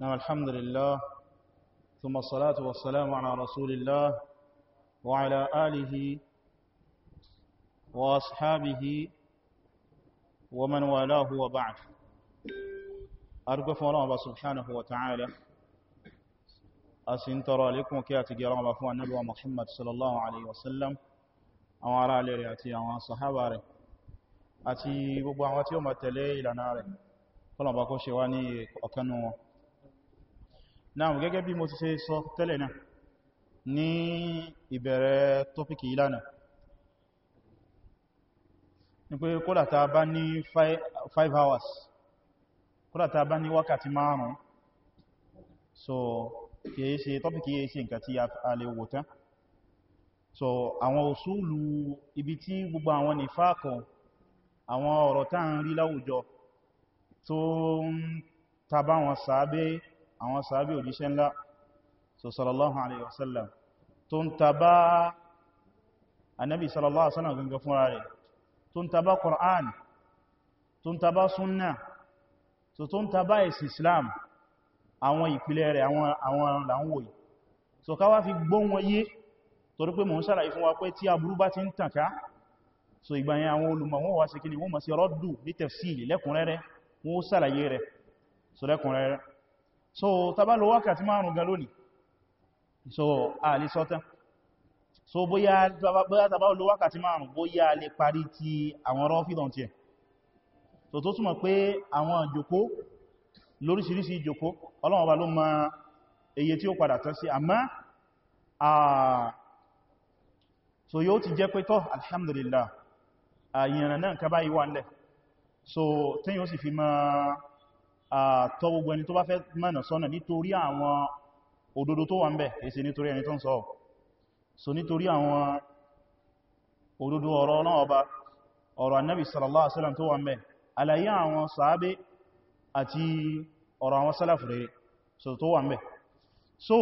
نعم الحمد لله ثم الصلاة والسلام على رسول الله وعلى آله وأصحابه ومن والاه وبعد أرقف الله سبحانه وتعالى أسن ترى لكم كياتي قرام أفوى النبي محمد صلى الله عليه وسلم أو على لرياتي أو صحابة ري. أتي ببعواتي ومتلي لنا ري. فلما بكوشي واني أكنوا náà gẹ́gẹ́ bí mo ti ṣe sọ tẹ́lẹ̀ náà ní ìbẹ̀rẹ̀ tópíkì ìlànà ní pé kódà tá bá ní 5 hours kódà tá bá ní wákàtí márùn-ún so kìí ṣe tópíkì yìí ṣe nǹkan tí a lè wò tán so àwọn òṣùlù ibi tí gbogbo àwọn nìfàkọ̀ àwọn ọ̀rọ̀ tá ń rí láwùjọ tó ń tàbá wọn sàábé àwọn sàábí òjíṣẹ́ ńlá so sallallahu alaihi wasallam tó ń tàbá annabi sallallahu alaihi wasallam gangan fúnra rẹ̀ tó ń tàbá Qur'an tó ń tàbá sunna so tó ń tàbá ẹ̀sì Islam àwọn ìpìlẹ̀ rẹ̀ àwọn làwọ̀ yìí so ká wá fi gbọ́ wọn yé torí pé mò ń ṣàlàyé fún wa pé so tàbá lọ wákàtí márùn gan lónìí so a lè sọ́tán so boya tàbá lọ wákàtí márùn bóyá lè parí ti àwọn rọ́fídọ̀n tí ẹ̀ so tó túnmọ̀ pé Lori ìjòkó lóríṣìíríṣìí ìjòkó Ọlọ́run Ọba ló mọ iye tí ó padà tán sí àmá so yóò ti jẹ́ pé tọ́ alhamdulillah àyìnrìn náà kaba ìwà ńlẹ̀ so tí yóò sì fi máa tọ gbogbo ẹni tó bá fẹ́ mọ̀nà sọ́nà nítorí àwọn òdodo tó wà ń bẹ èsì nítorí ẹni tó ń sọ so nítorí àwọn òdodo ọ̀rọ̀ ọlọ́run ọ̀rọ̀ annabi sallallahu alaihi wasallam tó wà ń bẹ àlàyé àwọn sàábé àti ọ̀rọ̀ àwọn sálàfù so tó wà ń bẹ so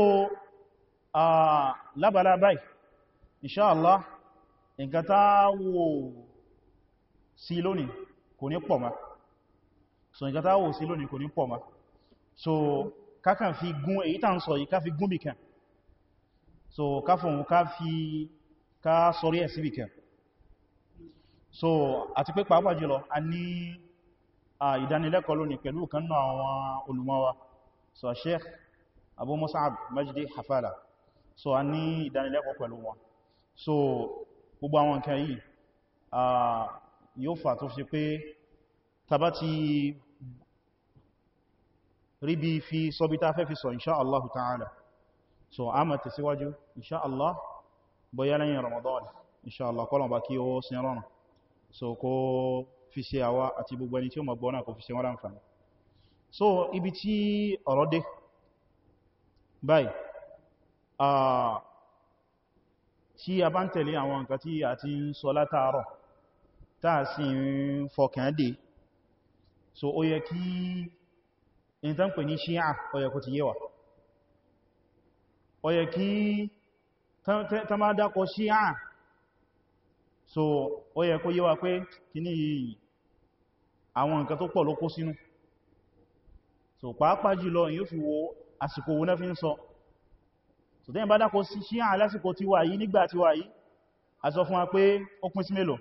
lábàlá so nǹkan tá wò sí lónìí kò ní pọ̀ ma so kákan fi gún èyí tàn sọ yìí ká fi gún bìkan so ká fòun ká fi ká sọrí ẹ̀ sí bìkan so àti pé pàápàá jùlọ a ní ìdánilẹ́kọ̀ọ́ lónìí pẹ̀lú kan náà àwọn olùmọ́wa so sheikh abu musab majdi hafala so a ní ìdánilẹ́kọ̀ọ́ pẹ̀lú wọn so gbogbo àwọn nǹkan yìí yóò fà tó fi pé tàbá ti ríbi fi sọbítà fẹ́ fi sọ inṣáàlá ta'ala so a ma tẹ̀síwájú inṣáàlá bóyá lẹ́yìn ramadan inṣáàlá kọ́lọ̀n bá kí ó sin rọrùn so kó fi ṣe àwa àti gbogbo ẹni tí ó mọ̀gbọ́n náà kó fi ṣe wọ́n láǹfààní so ibi tí ọ̀rọ̀ dé báyìí tí a bá ń tẹ̀lé àwọn nǹkan tí a ti ń so ó yẹ kí in tán pè ní ṣíyà ọyẹ kò ti yé wa ọyẹ kí tá má dákọ ṣíyà so ọyẹ kó yé wa pé kí ní àwọn nǹkan tó pọ̀ ló kó sínú so pàápàá jùlọ yóò fi wo àsìkò wo náà fi ń sọ so tẹ́yìn bá dákọ ṣíyà lásìkò ti wà yìí nígbà ti wà yìí a sọ wa pé ó pín sí mélòó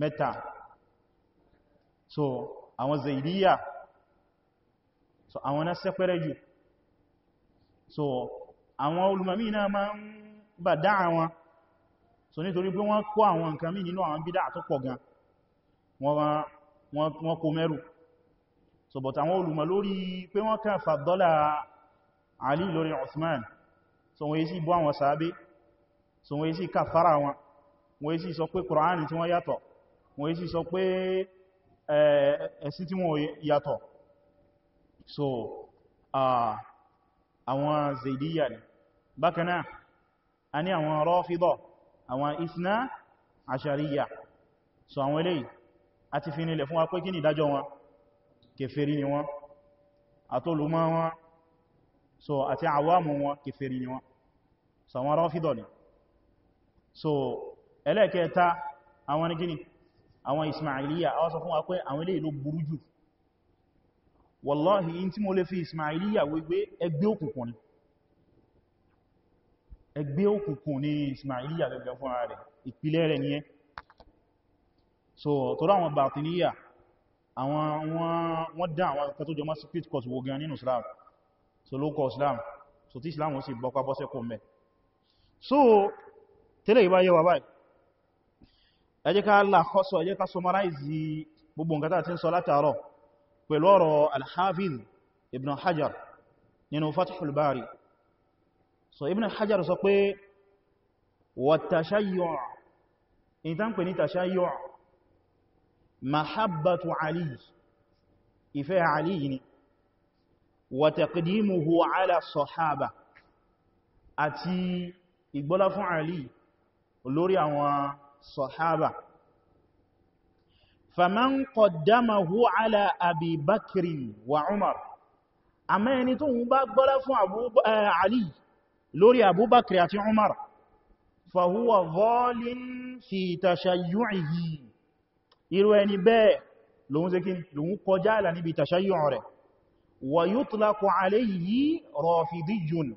mẹ́ta so àwọn zaidiyya so àwọn náà sẹ́pẹ́rẹ́ jù so àwọn olùmọ̀mí náà máa ń bà dá àwọn so nítorí pé wọ́n kó àwọn nǹkan mí nínú àwọn bídá tó pọ̀ gan wọ́n kó mẹ́rù so but àwọn olùmọ̀ lórí pé wọ́n kàn fàdọ́là Ali lórí Osman so wọ́n yí sí bọ́ àwọn sàábé so wọ́n yí sí kàfàrà wọn wọ́n yí sí sọ pé Kùránì tí wọ́n yàtọ̀ wọ́n yí sí sọ pé ẹ̀sìn tí wọ́n yàtọ̀ so àwọn zaidiyya ni bákaná a ní àwọn rọ́fídọ̀ àwọn isna àṣàríyà so àwọn eléyìí a ti fi nílẹ̀ fún wa pé kí ni ìdájọ́ wọn kèfèrí ni wọn àtọ́lùmọ́ wọn so àti àwọ́mù wọn kèfèrí ni wọn so àwọn rọ́fídọ̀ ni so ẹlẹ́kẹta àwọn ni gini àwọn ismailiyya a wọ́n sọ fún wa àwọn eléyìí ló burú wàláhì in tí mo lè fi ismailiyya wégbé ẹgbẹ́ òkùnkùn ni ẹgbẹ́ òkùnkùn gẹ́gẹ́ fún ara rẹ̀ ìpìlẹ̀ rẹ̀ ni ẹ́ so tọ́rọ àwọn bàtíníyà àwọn wọ́n dá àwọn akẹ́kọ́ tó jọmọ́ spirit court wo gan nínú islam so ló kọ so tí islam wọ́n sì bọ́pá bọ́sẹ̀ kò so tẹ́lẹ̀ ìbá yẹ wà báyìí ẹ jẹ́ ká là kọ́sọ̀ ẹ jẹ́ ká summarize gbogbo nǹkan tá ń sọ látàárọ̀ pẹ̀lú ọ̀rọ̀ al-hafiz ibn hajar nínú fathul bari so ibn hajar sọ pé wa tashayyu' in ta ń pè ní tashayyu' mahabbatu ali ìfẹ́ ali ni wa ala sahaba àti ìgbọ́lá fún ali lórí àwọn sahaba faman qaddamahu ala abi bakri wa umar àmọ́ ẹni tó ń bá gbọ́lá fún ali lórí abubakri àti umar fahuwa zalin fi tashayyu'ihi irú ẹni bẹ́ẹ̀ lòun ṣe kí lòun kọjá ìlà níbi tashayyu'u rẹ̀ wa yutlaqu alayhi rafidiyyun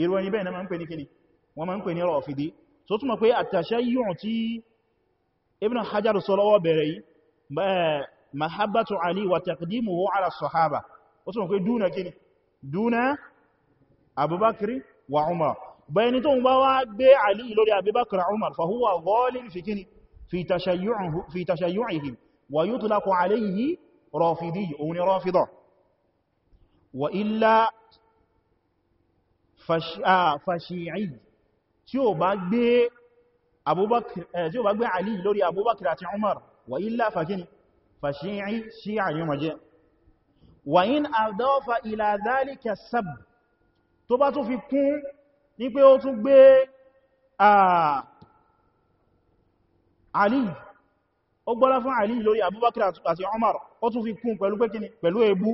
irú ẹni bẹ́ẹ̀ náà ma ń pè ní kíni wọ́n ma ń pè ní rafidi so túnmọ̀ pé àtàṣayyu'u tí ibn hajar sọ lọ́wọ́ bẹ̀rẹ̀ yìí mahabbatu ali wa taqdimuhu ala sahaba ó tún ko duna kini duna abubakri wa umar bayani tó ń bá wá gbé ali lórí abubakri umar fa huwa ghalin fi kini fi tashayyu'ihi fi tashayyu'ihi wa yutlaqu alayhi rafidi ó ní rafida wa illa fashi'i tí ó bá gbé abubakri tí ó bá gbé ali lórí abubakri àti umar wà ilá fàkíní fàṣíyí ṣíyà yóò ma jẹ́ wà in àdọ́fà ilá dhalika sab tó bá tún fi kún ní pé ó tún gbé àlì ó gbọ́lá fún àlì lórí abubakar àti omar ó tún fi kún pẹ̀lú pẹ́kíní pẹ̀lú ebú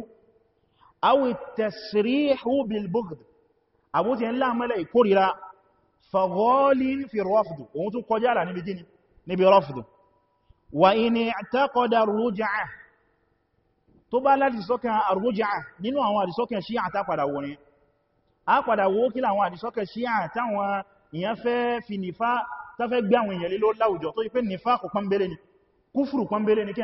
awi tasrihu bil bughd àbúti ẹ̀ mẹ́lẹ̀ ìkórira faghọ́lín fi rọ́fùdù òun tún kọjá àlà níbi gíní níbi rọ́fùdù wa ini i'taqada ruj'a tó bá láti sọ́kàn arújá nínú àwọn àdìsọ́kàn Shia àtàpadà wọ́n ni a padà wó kí láwọn àdìsọ́kàn Shia àtàwọn èèyàn fẹ́ fi nífà tafẹ́ gbé àwọn èèyàn lé lórí láwùjọ tó ipé nífà kò pọ́nbélé ni kúfùrù pọ́nbélé ni kí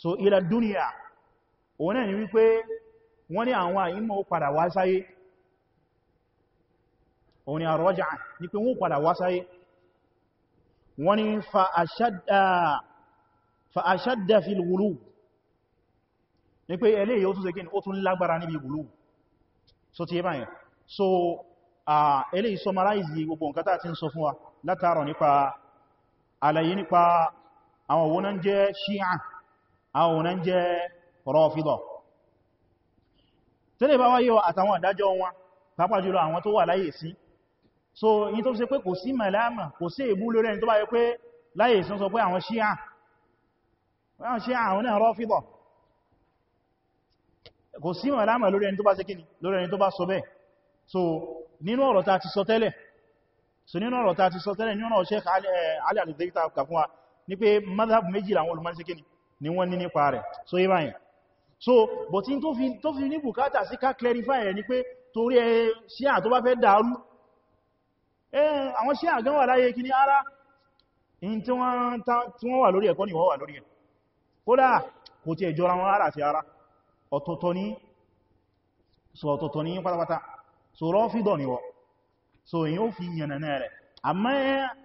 so ila duniya òun náà ni wípé wọ́n ní àwọn àìmọ̀ ó padà wá sáyé òun ni àrọ́jà ní pé wọ́n padà wá sáyé wọ́n ni fa ashadda fil wùlú ní pé eléyìí ó tún ṣe kí ní ó tún lágbára níbi wùlú so ti yẹ́bàyàn so eléyìí summarize gbogbo nǹkan tá ti ń sọ fún wa látàrọ nípa àlàyé nípa àwọn òun náà jẹ́ Shia àwọn òun náà jẹ́ Rāfidah tẹ́lẹ̀ bá wáyé àtàwọn àdájọ́ wọn pàápàá jùlọ àwọn tó wà láyé sí so yí tó fi ṣe pé kò sí màláàmà kò sí èbú lórí ẹni tó bá yẹ pé láyé sí sọ pé àwọn Ṣíà àwọn Ṣíà àwọn náà Rāfidah kò sí màláàmà lórí ẹni tó bá ṣe kíni so nínú ọ̀rọ̀ ta so nínú ọ̀rọ̀ ta ti sọ tẹ́lẹ̀ nínú ọ̀rọ̀ Sheikh Ali eh, al-Dawsari ta kà fún wa ní pé ni wọ́n ní so yí báyìí so but in tó fi tó fi ní bùkátà sí ká clarify ẹ̀ ni pé torí ẹ ṣíà tó bá fẹ́ dàrú ẹ àwọn ṣíà gan wà láyé kí ní ara in tí wọ́n wà lórí ẹ̀kọ́ ni wọ́n wà lórí ẹ̀ kódà kò tí ẹjọ́ra wọn ara àti ara ọ̀tọ̀tọ̀ ní so ọ̀tọ̀tọ̀ ní pátápátá so rọ́fídọ̀ ni wọ́ so èyàn ó fi yànnà náà rẹ̀ àmọ́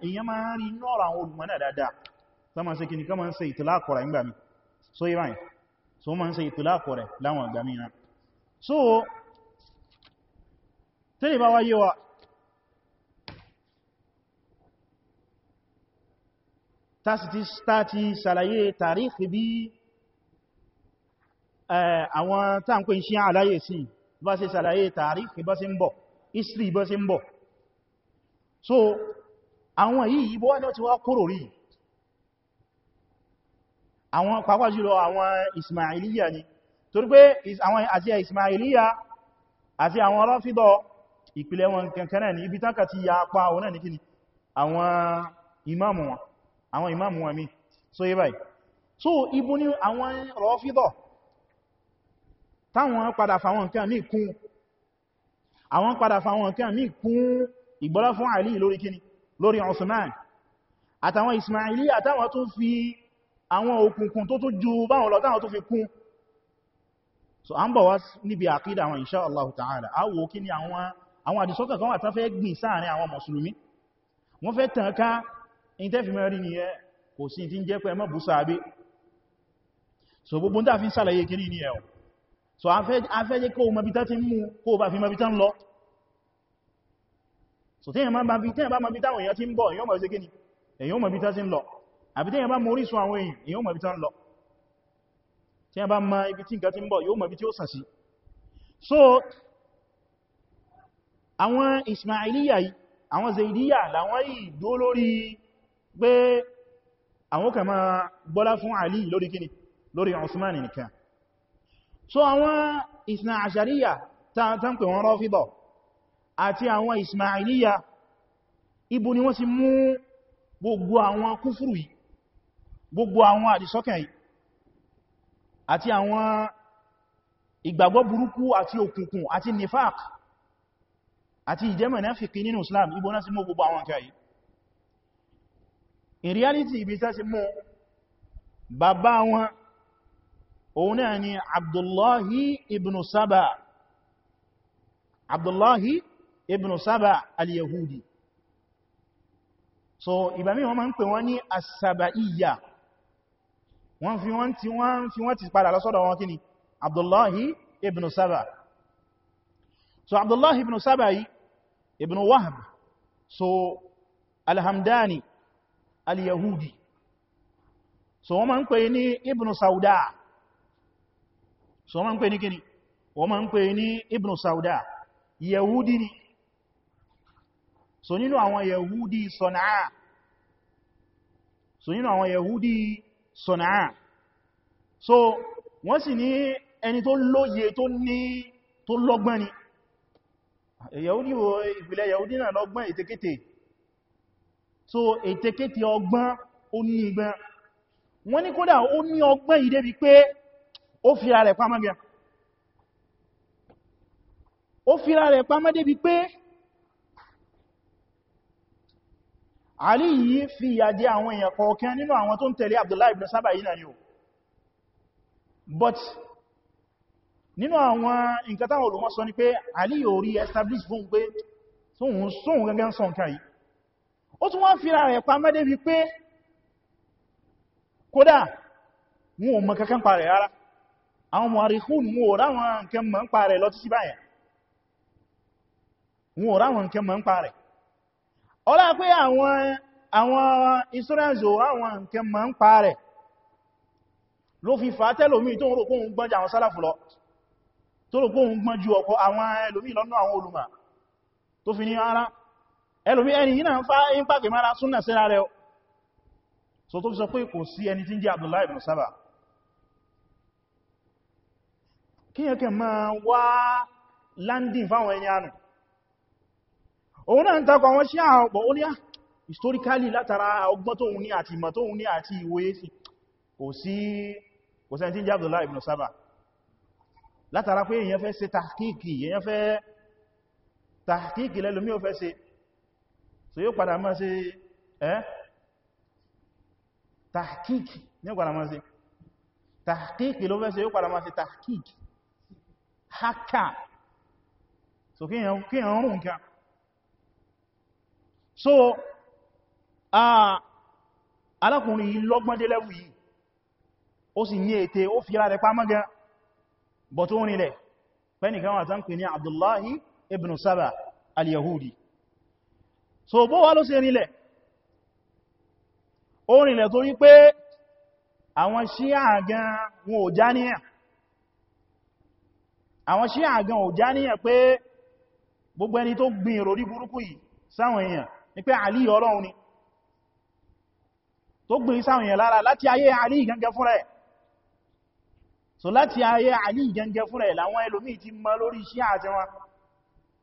èyàn máa rí nọ́ọ̀rọ̀ àwọn olùmọ̀ náà dáadáa sọ́mọ́ sí kí ní kọ́mọ́ sí ìtìlákọ̀ọ́rọ̀ ìgbàmí so yíwáyìí so ma ń ṣe ìtìláàkọ̀ rẹ̀ láwọn àgbàmìnà so tẹ́lẹ̀ bá wáyé wa tásìtì státi sàlàyé tàrífì bí àwọn táǹkwé ń ṣe àláyé sí bá ṣe sàlàyé tàrífì bá ṣe ń bọ̀ isri bá ṣe ń bọ̀ so àwọn yìí yìí bọ́ ti wá kóró rí àwọn pàápàá jùlọ àwọn ismailiyya ni torí pé àwọn àti ismailiyya àti àwọn rọ́fídọ̀ ìpìlẹ̀ wọn kankanáà ní ibi tánkà ti ya apá ọ̀nà ní kíni àwọn imamu wọn àwọn imamu wọn mi so yí báyìí so ibu ni àwọn rọ́fídọ̀ táwọn padà fàwọn àwọn òkùnkùn tó tó ju báwọn lọ táwọn tó fi kún so a ń bọ̀ wá níbi àkídà àwọn insha Allah ta'ala a wò kí ni àwọn àdìsọ́kàn kan wà tán fẹ́ gbìn sáàrin àwọn mùsùlùmí wọ́n fẹ́ tàn ká intẹ́fìmẹ́rin ni ẹ kò sí so gbogbo tá fi ń so a fẹ́ jẹ́ kó mọbi tán ti mú kó so tí ẹ̀ bá mọbi táwọn èèyàn ti ń bọ̀ èèyàn mọ̀ sí kí ni èèyàn àbí tẹ́yàn bá morí sọ àwọn èèyàn yóò mọ̀ bí tán lọ tẹ́yàn bá ma ibi tí nǹkan ti ń bọ̀ yóò mọ̀ bí tí ó sàn so àwọn Ismailiyya àwọn Zaidiyya làwọn yìí dó lórí pé àwọn kà máa gbọ́lá fún Ali lórí kíni lórí Usman nìkan so àwọn Isna Ashariyya tán pè wọn Rafida àti àwọn Ismailiyya ibo ni wọ́n ti mú gbogbo àwọn kúfùrù yìí gbogbo àwọn àdìsọ́kàn yìí àti àwọn ìgbàgbọ́ burúkú àti òkùnkùn àti nifaq àti ìjẹ́mọ̀ náà fi kí nínú Islam ibo náà sí mọ́ gbogbo àwọn kẹ́ in reality ibi tá sí mọ́ bàbá wọn òun náà ni Abdullahi ibn Saba Abdullahi ibn Saba al-Yahudi so ìbàmí wọn máa ń pè wọ́n ní as-Sabaiyya as as wọ́n fi wọ́n ti wọ́n fi wọ́n ti padà lọ́sọ́dọ̀ wọn kíni abdullahi ibn saba so abdullahi ibn saba yi ibn wahab so alhamdani al-yahudi so wọ́n ma ń pè ní ibn sauda so wọ́n ma ń pè ní kíni wọ́n ma ń pè ní ibn sauda yahudi ni so nínú àwọn yahudi sana'a so nínú àwọn yahudi sọ̀nàá so wọ́n sì ní ẹni tó lóye tó ní tó lọ́gbọ́n ni yahudi wo ìpìlẹ̀ yahudi náà lọ́gbọ́n ètekéte so ètekéte ọgbọ́n ó ní ìgbọ́n wọ́n ní kódà ó ní ọgbọ́n yìí débi pé ó fira rẹ̀ pamọ́ Àlí yìí fi ìyà jẹ àwọn èèyàn kọ̀ọ̀kan nínú àwọn tó ń tẹ̀lé Abdullahi ibn Saba yìí náà ni ó but nínú àwọn nǹkan táwọn ni pé Àlí yóò rí establish fún pé tóhun sóhun gẹ́gẹ́ sọ nǹkan yìí ó tún wọ́n fi ra rẹ̀ pamọ́ débi pé kódà wọn ò mọ̀ kankan pa rẹ̀ rárá àwọn mọ̀ríkún wọn ò ráwọn nǹkan mọ̀ ń pa rẹ̀ lọ títí báyẹn wọn ń pa rẹ̀ ọlá pé àwọn insurance àwọn nke ma ń pa rẹ̀ ló fi fà tẹ́lòmí tó ń rò kóhun gbọ́n àwọn sálàfù lọ tó rò kóhun gbọ́n jù àwọn ẹlòmí lọ́nà àwọn olùmọ̀ tó fi ní ara ẹlòmí ẹni yìí ń fà ń mara súnnà síra rẹ̀ so tó fi sọ pé kò sí ẹni tí ń jẹ́ Abdullahi ibn òun náà ń takọ̀ àwọn sí àwọn ọ̀pọ̀ ó ní à ah, historically látara ọgbọ́n tóun ní àti ìmọ̀ tóun ní àti ìwòye sí kò sí kò sẹ́ni tí ń jẹ́ Abdullah ibn Saba látara pé èyàn fẹ́ ṣe tàkíkì èyàn fẹ́ tàkíkì lẹ́lòmí ò fẹ́ ṣe so yóò padà máa ṣe haka so kíyàn rùn kan so alákùnrin yìí lọ́gbọ́ndé lẹ́wù yìí ó sì ní ète ó fi ara rẹ̀ pamọ́ gan bọ̀ tó rìnlẹ̀ pẹ́nìkan wà tán pè ní Abdullahi ibn Saba al-Yahudi so bó wá ló ṣe le ó rìnlẹ̀ torí pé àwọn Ṣíà gan wọn ò já níyà àwọn Ṣíà gan ò já níyà gbogbo ẹni tó gbìn ìròrí burúkú yìí sáwọn èèyàn ní pé àlì ọlọ́run ni tó gbé sáwọn èèyàn lára láti ayé àlì gẹ́gẹ́ fúnra ẹ̀ so láti ayé àlì gẹ́gẹ́ fúnra ẹ̀ láwọn ẹlòmí ti mọ lórí iṣẹ́ àti wọn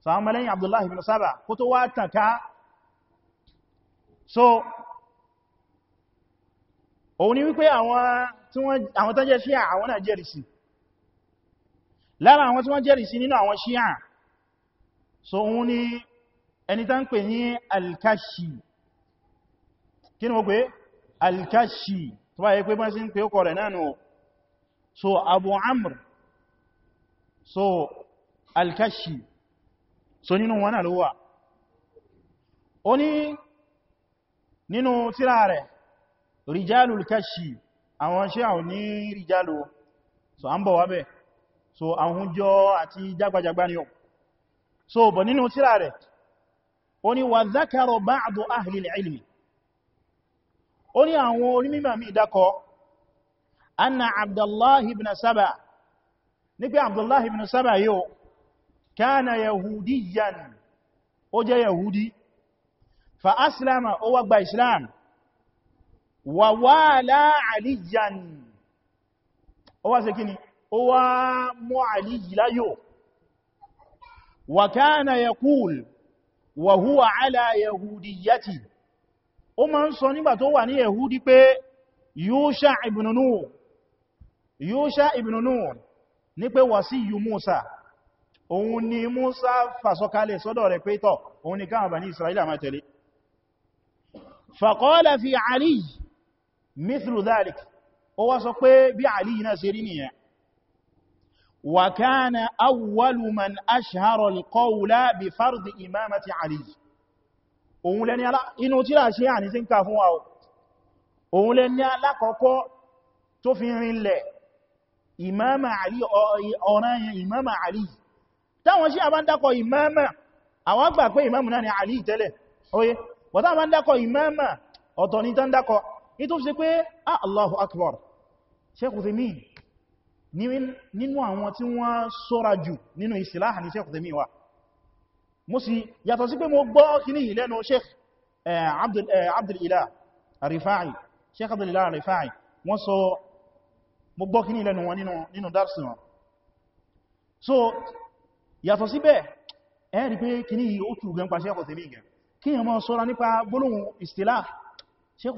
so àwọn mẹ́lẹ́yìn Abdullahi ibn Saba kó tó wá tànká so òun ni wípé àwọn tán jẹ́ ṣíà àwọn náà jẹ́rìsì lára àwọn tí wọ́n jẹ́rìsì nínú àwọn ṣíà so òun ni ẹni tán pè ní alkashi kí ni wọ́n pé alkashi tó bá yẹ pé bá sí ń pè ó kọ̀ rẹ̀ náà nù so abu amr so alkashi so nínú wọn náà ló wà ó ní nínú tírà rẹ̀ rijalul kashi àwọn ṣe àwọn ní rijalu so a ń bọ̀ wábẹ̀ so àwọn jọ àti jagbajagba ni ó so bọ̀ nínú tírà rẹ̀ ó ní wa dhakara ba'du ahli al-ilmi ó ní àwọn onímọ̀ mi dákọ anna abdullahi ibn saba ní pé abdullahi ibn saba yóò kana yahudiyan ó jẹ́ yahudi fa aslama ó wá gba islam wa wala aliyan ó wá ṣe kíni wá mú aliyi láyò wa kana yaqul wa huwa ala yahudiyyati ó máa ń sọ nígbà tó wà ní yahudi pé yóṣà ibn Nun yóṣà ibn Nun ní pé wasiyyu Musa òun ni Musa fàsọkalẹ̀ sọ́dọ̀ rẹ̀ pé òun ni káwọn bani Isra'ila máa tẹ̀lé وكان أول من أشهر القول بفرض إمامة علي òun lẹni inú tíra ṣe à ní sí ń ká fún wa o òun lẹni alákọ̀ọ́kọ́ tó fi rinlẹ̀ ìmáàmà àrí ọ̀ranyàn ìmáàmà àrí táwọn ṣe àbá ń dákọ̀ ìmáàmà àwọn gbà pé ìmáàmù náà ni àrí tẹ́lẹ̀ oye wọ́n nínú àwọn tí wọ́n sọ́ra jù nínú ìsìláhà ní Sheikh Uthaymeen wà mo sì yàtọ̀ sí pé mo gbọ́ kìíní yìí lẹ́nu Sheikh eh, Abdul-Ilah eh, Ar-Rifa'i Sheikh abdul wọ́n sọ mo gbọ́ kìíní lẹ́nu wọn nínú darsi wọn so yàtọ̀ síbẹ̀ ẹ rí pé kìíní yìí ó tù gan pa Sheikh Uthaymeen gan kí èèyàn mọ́ sọ́ra nípa gbólóhùn ìsìláhà Sheikh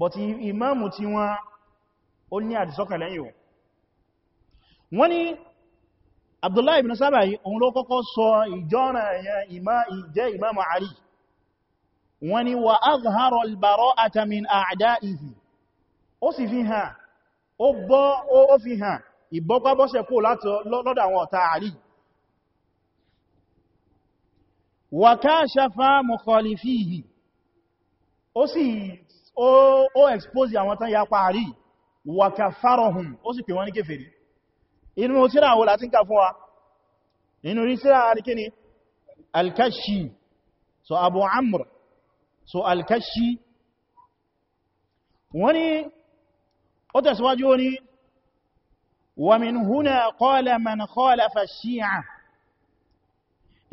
but ìmáàmù tí wọ́n ó ní àdìsọ́kàn lẹ́yìn o wọ́n ni Abdullahi ibn Saba yìí òun ló kọ́kọ́ sọ ìjọ́nà ìjẹ́ ìmáàmù Ali wọ́n ni wa azhara al-bara'ata min a'da'ihi ó sì fi hàn ó bọ́ ó fi hàn ìbọ́pábọ́sẹ̀ kó lọ́dọ̀ àwọn ó expose àwọn tán ya parí wàkà fárọ̀hùn ó sì pè wọ́n ní kéfèrí inú tíra wo láti ń ká fún wa nínú rí tíra alikini alkashi so abu amr so alkashi wani ó tẹ̀síwájú wani wa min huna qala man khalafa shi'a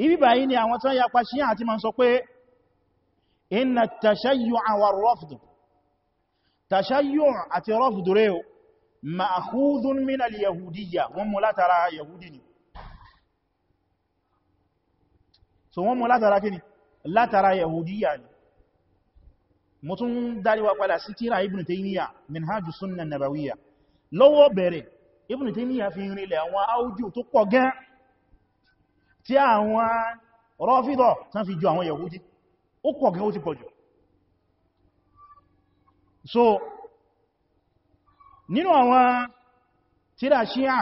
ibi báyìí ni àwọn tán ya pa ti man sọ pé inna tashayyu'a war rafd tàṣáyùn àti rọ́fùdù rẹ̀ o ma'khudhun min al-yahudiyya wọ́n mú látara yahudi ni so wọ́n mú látara kí ni látara yahudiyya ni mo tún dáríwá padà sí tíra ibn taymiya minhaju sunna nabawiyya lọ́wọ́ bẹ̀rẹ̀ ibn taymiya fi rinlẹ̀ àwọn áújú tó pọ̀ gan tí àwọn rọ́fìdọ̀ tán fi jọ àwọn yahudi ó pọ̀ gan ó ti pọ̀ jù so nínú àwọn tíra ṣíà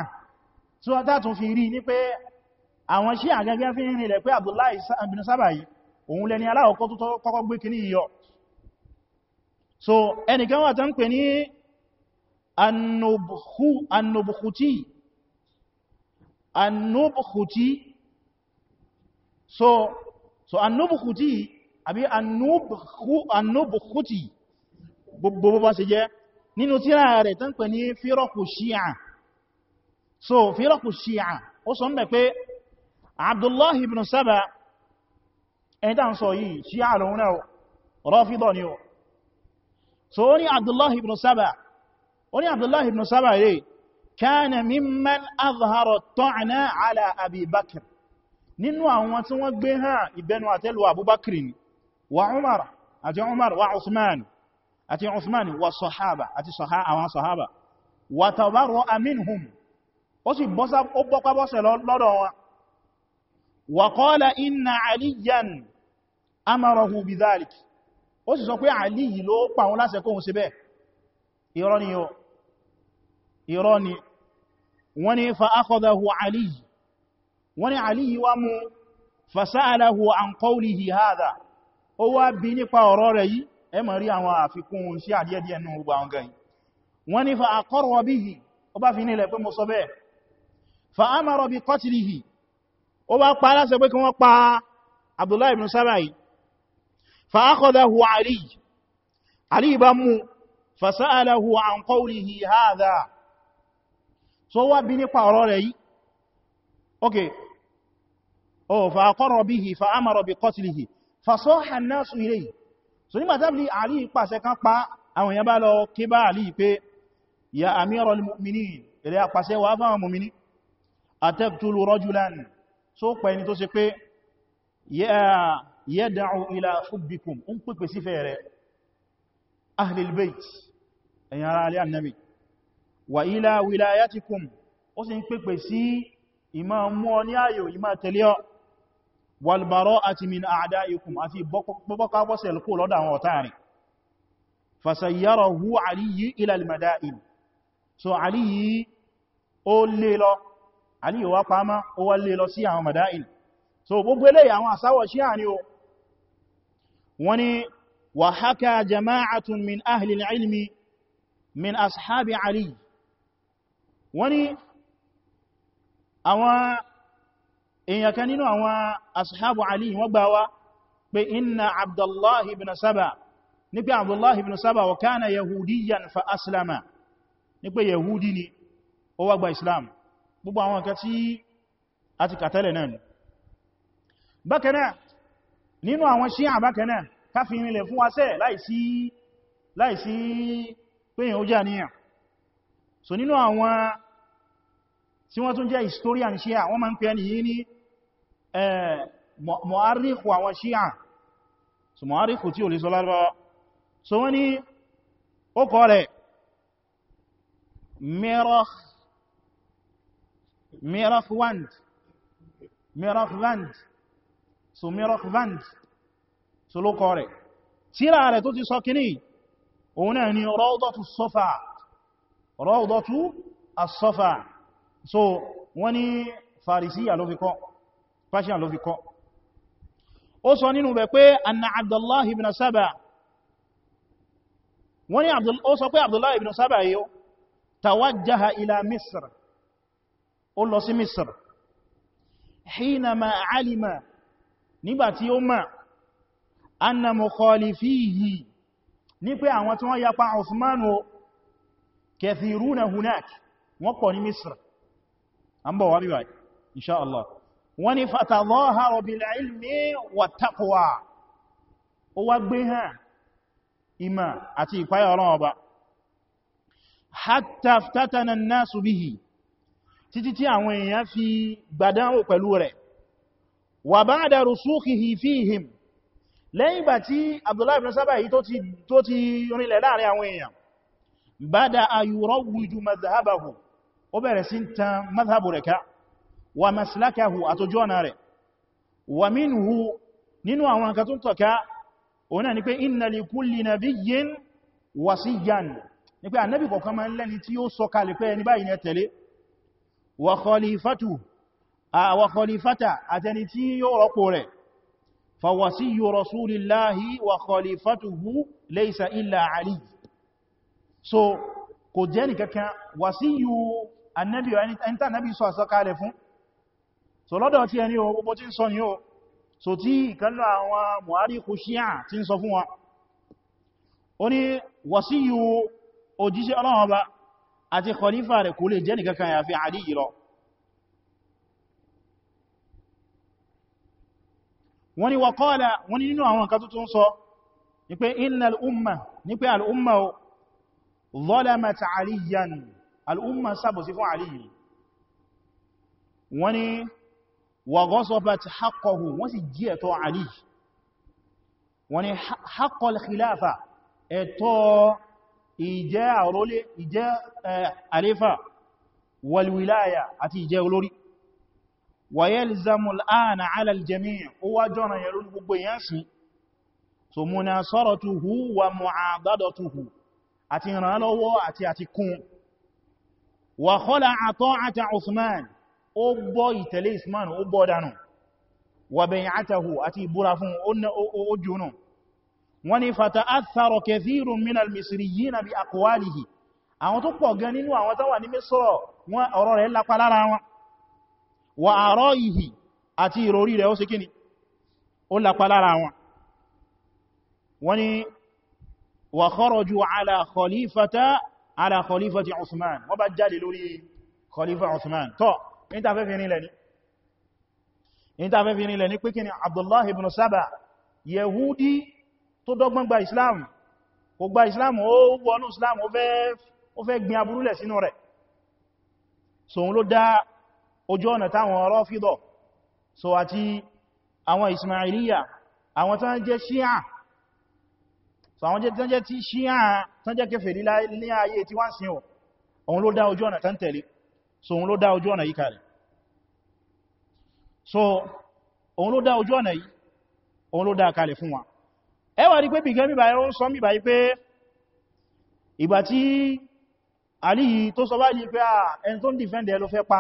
tí wọ́n tàtún fi rí ní pé àwọn ṣíà gẹ́gẹ́ fi rí rẹ̀ pé Abdullahi ibn Saba yìí òun lẹni aláwọ̀kọ́ tó kọ́kọ́ gbé kì ní yíyọ so ẹnìkan wà tán pè ní annobhuti annobhuti so so annobhuti àbí annobhuti gbogbo bó bá ṣe jẹ́ nínú tíra rẹ̀ tán pẹ̀ ní fírọ́kù ṣíà so fírọ́kù ṣíà ó sọ mẹ́ pé abdullahi ibn saba ẹni tán sọ yìí ṣíà lòun náà rọ́fídọ̀ ni ó so ó ní abdullahi ibn saba ó ní abdullahi ibn saba rẹ̀ kana mimman azhara ta'na ala abi bakr nínú àwọn tí wọ́n gbé hàn ìbẹnu àtẹ́lù abubakrin wa umar àti umar wa usman àti Uthman wà sọ̀hábà àti àwọn sọ̀hábà wà tàbárọ̀ aminhum ó sì bọ́pá bọ́sẹ̀ lọ́dọ̀ wa wà bí qala inna aliyan amarahu bidhalik ó sì sọ pé aliyi ló pa won láṣẹ kóhun sí bẹ́ẹ̀ irọ́ ni yóò irọ́ ni fa akhadahu aliyi wọ́n ni wá mú fasáàlahu an qawlihi hadha ó wá bi nípa ọ̀rọ̀ rẹ̀ yìí ẹ máa rí àwọn àfikún sí àdíẹ̀díẹ̀ nínú gbogbo àwọn gan wọ́n ní fa aqarra bihi ó bá fi nílẹ̀ pé mo sọ bẹ́ẹ̀ fa amara bi qatlihi ó bá pa aláṣẹ pé kí wọ́n pa Abdullahi ibn Sabai fa akhadahu Ali Ali bá so nígbà tábìlì àlì pàṣẹ kan pa àwọn èèyàn bá lọ ké bá àlì pé ya amirul mu'minin ilẹ̀ apàṣẹ wà fáwọn mùmìnì ataqtulu rajulan so pa ẹni tó ṣe pé yad'u ila hubbikum ń pèpè sífẹ́ rẹ̀ ahlil bayt ẹ̀yàn ara alẹ́ annabi wa ila wilayatikum ó sì ń pèpè sí ìmá mú ọ ní ayò ìmá tẹ̀lé ọ والبراءة من أعدائكم أفي بقى بصي القول هذا هو تاري فسيره علي إلى المدائن سو علي أولي لو علي وقام أولي لو سيعه مدائن سو بقى لي أولي أساوى شيئا وني وحكى جماعة من أهل العلم من أصحاب علي وني أولي èyàn kan nínú àwọn ashabu ali wọ́n gbà wá pé inna abdullahi ibn saba ní pé abdullahi ibn saba wa kana yahudiyan fa aslama ní pé yahudi ni ó wá gba islam gbogbo àwọn kan tí a ti kàtẹ́lẹ̀ náà ni bákanáà nínú àwọn ṣíyà bákanáà káfin rinlẹ̀ fún wa láìsí péyàn ó jẹ́ àníyàn so nínú àwọn tí wọ́n tún jẹ́ historian ṣíyà wọ́n máa ń pè ní yìí ní Eh, mọ̀árìkù àwọn ṣíà so mọ̀árìkù tí ò lè sọ lárọ́ so wọ́n ni ó kọ́ rẹ̀ mirakhvand mirakhvand so mirakhvand so ló kọ́ rẹ̀ tíra rẹ̀ tó ti sọ kìíní òun náà ni Rawdatu Safa Rawdatu as so wọ́n ni farisiya ló fi kọ́ Persian ló fi kọ́ ó sọ nínú rẹ̀ pé anna Abdullah ibn Saba wọ́n ni ó sọ pé Abdullah ibn Saba yíó tawajjaha ila Misr ó lọ sí Misr hina ma alima nígbàtí ó ma anna mukhalifihi ní pé àwọn tí wọ́n yapa Uthmanu kathiruna hunak wọ́n pọ̀ ní Misr an bọ̀ wà bíbáyì inṣáàlá wọ́n ní fatazaharu bil ilmi wat taqwa ó wá gbé hàn ìmà àti ìpáyà ọlọ́wọ́ bá hatta ftatana an-nasu bihi títí tí àwọn èèyàn fi gbàdánwò pẹ̀lú rẹ̀ wa ba'da rusukhihi fihim lẹ́yìn ìgbà tí Abdullahi ibn Saba yìí tó ti rinlẹ̀ láàrin àwọn èèyàn bada ayurawiju mazhabahu ó bẹ̀rẹ̀ sí tan mazhabu rẹ̀ ká wa maslakahu àtòjú ọ̀nà rẹ̀ wa minhu nínú àwọn nǹkan tó ń tọ̀ka ọ̀nà ni pé inna li kulli nabiyyin wasiyyan ni pé ànábì kọ̀ọ̀kan máa ń lẹ́ni tí ó sọ kalẹ̀ pé ẹni báyìí ni tẹ̀lé wa khalifatu wa khalifata àtẹni tí yóò rọ́pò rẹ̀ fa wasiyyu rasulillahi wa khalifatuhu laysa illa ali so kò jẹ́ nìkankan wasiyyu annabi ẹni tánàbí sọ àsọkalẹ̀ fún so lọ́dọ̀ tí ẹni o gbogbo tí ń sọ ni o so tí ìkanlọ àwọn muhari kò ṣíyà tí ń sọ fún wọn ó ní wàsíyù òjíṣẹ́ ọlọ́run ba àti khalifa rẹ̀ kò lè jẹ́ nìkankan yàfi àdí yìí lọ wọ́n ní wàkọ́ọ̀lá wọ́n ní nínú àwọn wọ́n ní وغصبت حقه وسجية علي وني حق الخلافة اتو إجاء رولي إجاء أليفة والولاية أتي إجاء رولي ويلزم الآن على الجميع هو جونا يلول ببيانسي مناصرته ومعاضدته أتي رالوه أتي أتي كون وخلع طاعة عثمان ó bọ́ ìtẹ̀lé isman ó bọ́ dánù wàbẹ̀yìn àtàhù àti ìbúra fún ojú náà wọ́n ni fata atharo kathirun minal misiri yí na bí akwálihi àwọn tó pọ̀ gan nínú àwọn tánwà ní mẹ́sọ́rọ̀ wọn ọ̀rọ̀ rẹ̀ lápá lára wọn wà àrọ́ ìhì àti ìròrí rẹ̀ ó sì kíni ó lápá lára wọn wọ́n ni mesoro won oro re lapa lara won wa aro ati irori re o si kini o lapa lara won won ni wa kharaju ala khalifata ala khalifati Usman wọ́n bá lórí khalifa Usman tọ́ ìntàfẹ́fẹ́ nílẹ̀ ní pé kí ni Abdullah ibn Saba Yehudi tó dọ́gbọ́n gba Islam kò gba Islam ó wọnú Islam ó fẹ́ gbin aburúlẹ̀ sínú rẹ̀ so ló dá ojú ọ̀nà táwọn Rafida so àti àwọn Ismailiyya àwọn tán jẹ́ Shia so àwọn jẹ́ ti Shia tán jẹ́ kèfèrí ní ayé tí wọ́n sin ọ̀ so òun ló dá ojú ọ̀nà yìí kalẹ̀ so òun ló dá ojú ọ̀nà yìí òun ló dá kalẹ̀ fún wa ẹ wá rí pé bí gẹ́mí báyìí ó sọ mí báyìí pé ìgbà tí àlìyí tó sọ bá yìí pé à ẹni tó ń dìfẹ́ndẹ̀ ló fẹ́ pa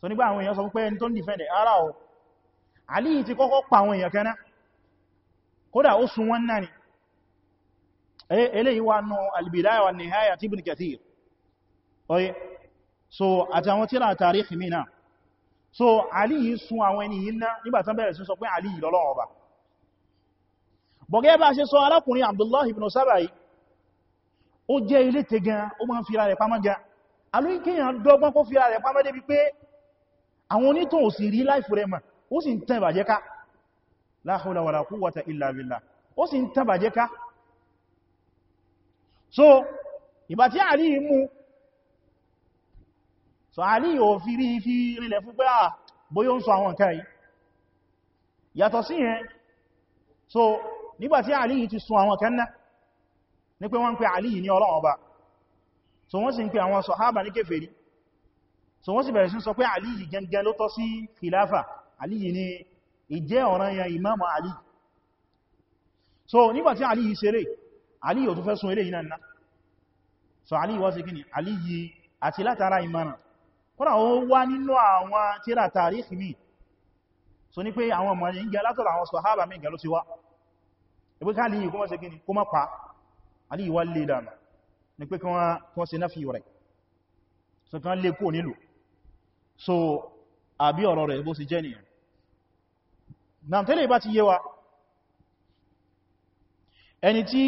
so nígbà àwọn èèyàn sọ pé ẹni tó ń dìfẹ́ndẹ̀ ara ọ̀ àlìyí ti kọ́kọ́ pa àwọn èèyàn kẹ́ná kódà ó sun wọn náà ni eléyìí wà nù al wa an-Nihaya ti so àti àwọn tíra tàríkì mìíràn so Ali yìí sun àwọn ẹni yìí nígbà tán bẹ̀rẹ̀ sí sọ pé Ali yìí lọ́lọ́wọ́ ọba bọ̀gẹ́ bá ṣe sọ alákùnrin Abdullahi ibn Saba yìí ó jẹ́ ilé te gan ó máa ń fira rẹ̀ pamọ́ gan alóyìnkíyàn dọ́gbọ́n kó fira rẹ̀ pamọ́ débi pé àwọn onítọ̀ ò sì rí láìfù rẹ̀ mà ó sì ń tàn bàjẹ́ ká la hawla wala quwwata illa ó sì ń tàn bàjẹ́ ká so ìbàtí Ali mú so a ní fi rí fi rílẹ̀ fún pé à ah, bóyó ń sọ àwọn nǹkan yìí yàtọ̀ sí yẹn so nígbàtí àlì yìí ti sun àwọn kan náà ní pé wọ́n ń pè àlì yìí ní ọlọ́run so wọ́n sì ń pè àwọn sọ̀hábà ní kèfèrí so wọ́n sì bẹ̀rẹ̀ sí sọ pé àlì yìí gẹngẹn ló tọ́ sí khilafa àlì yìí ni ìjẹ́ ọ̀ràn yẹn ìmáàmù àlì so nígbàtí àlì yìí ṣeré àlì yìí ò tún fẹ́ sun eléyìí náà so àlì yìí wá sí kíni àlì yìí àti látara ìmọ̀ràn kọ́nà ó wá nínú àwọn tíra tàríkì mi so ní pé àwọn ọmọ yìí ń gẹ látọ̀rọ̀ àwọn sọ̀hábà mẹ́gẹ̀ ló ti wá ìpé ká lè kó mọ́ sí gini kó mọ́ pa alì ìwà lè dànà ní pé kan se náfi rẹ̀ so kan lè kó nílò so àbí ọ̀rọ̀ rẹ̀ bó sì jẹ́ nìyàn náà tẹ́lẹ̀ bá ti yé wa ẹni tí